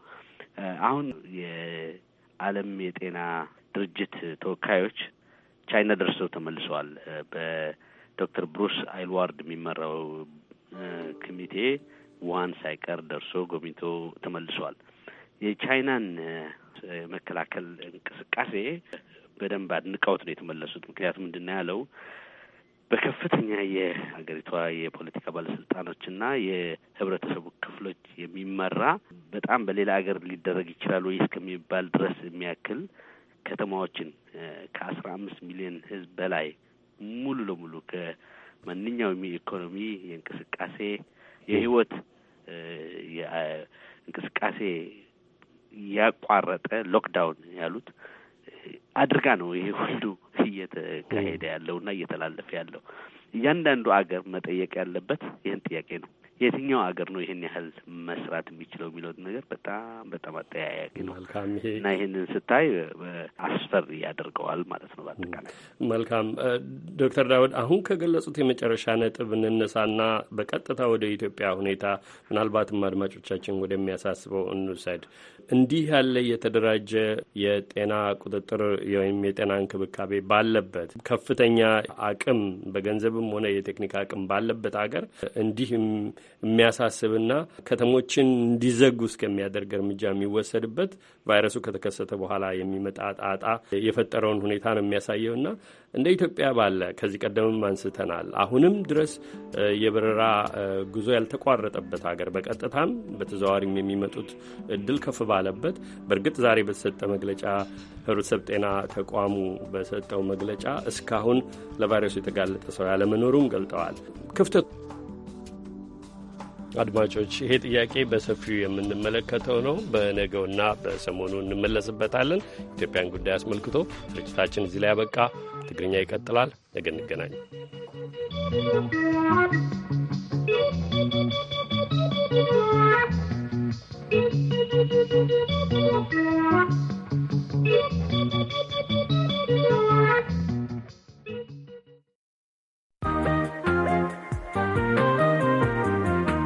አሁን የዓለም የጤና ድርጅት ተወካዮች ቻይና ደርሰው ተመልሰዋል። በዶክተር ብሩስ አይልዋርድ የሚመራው ኮሚቴ ዋን ሳይቀር ደርሶ ጎብኝቶ ተመልሷል። የቻይናን የመከላከል እንቅስቃሴ በደንብ አድንቀውት ነው የተመለሱት። ምክንያቱም ምንድን ነው ያለው በከፍተኛ የሀገሪቷ የፖለቲካ ባለስልጣኖችና የህብረተሰቡ ክፍሎች የሚመራ በጣም በሌላ ሀገር ሊደረግ ይችላል ወይ እስከሚባል ድረስ የሚያክል ከተማዎችን ከአስራ አምስት ሚሊዮን ህዝብ በላይ ሙሉ ለሙሉ ከማንኛውም የኢኮኖሚ የእንቅስቃሴ የህይወት እንቅስቃሴ ያቋረጠ ሎክዳውን ያሉት አድርጋ ነው ይሄ ሁሉ እየተካሄደ ያለው እና እየተላለፈ ያለው። እያንዳንዱ አገር መጠየቅ ያለበት ይህን ጥያቄ ነው። የትኛው ሀገር ነው ይህን ያህል መስራት የሚችለው የሚለው ነገር በጣም በጣም አጠያያቂ ነው እና ይህንን ስታይ አስፈሪ ያደርገዋል ማለት ነው። በአጠቃላይ መልካም ዶክተር ዳውድ አሁን ከገለጹት የመጨረሻ ነጥብ እንነሳና በቀጥታ ወደ ኢትዮጵያ ሁኔታ ምናልባትም አድማጮቻችን ወደሚያሳስበው እንውሰድ። እንዲህ ያለ የተደራጀ የጤና ቁጥጥር ወይም የጤና እንክብካቤ ባለበት ከፍተኛ አቅም በገንዘብም ሆነ የቴክኒክ አቅም ባለበት ሀገር እንዲህም የሚያሳስብና ከተሞችን እንዲዘጉ እስከሚያደርግ እርምጃ የሚወሰድበት ቫይረሱ ከተከሰተ በኋላ የሚመጣ ጣጣ የፈጠረውን ሁኔታ ነው የሚያሳየው እና እንደ ኢትዮጵያ ባለ ከዚህ ቀደምም አንስተናል አሁንም ድረስ የበረራ ጉዞ ያልተቋረጠበት ሀገር በቀጥታም በተዘዋዋሪም የሚመጡት እድል ከፍ ባለበት በእርግጥ ዛሬ በተሰጠ መግለጫ ህብረተሰብ ጤና ተቋሙ በሰጠው መግለጫ እስካሁን ለቫይረሱ የተጋለጠ ሰው ያለመኖሩም ገልጠዋል ክፍተቱ አድማጮች ይሄ ጥያቄ በሰፊው የምንመለከተው ነው። በነገውና በሰሞኑ እንመለስበታለን። ኢትዮጵያን ጉዳይ አስመልክቶ ስርጭታችን እዚህ ላይ ያበቃ። ትግርኛ ይቀጥላል። ነገ እንገናኝ።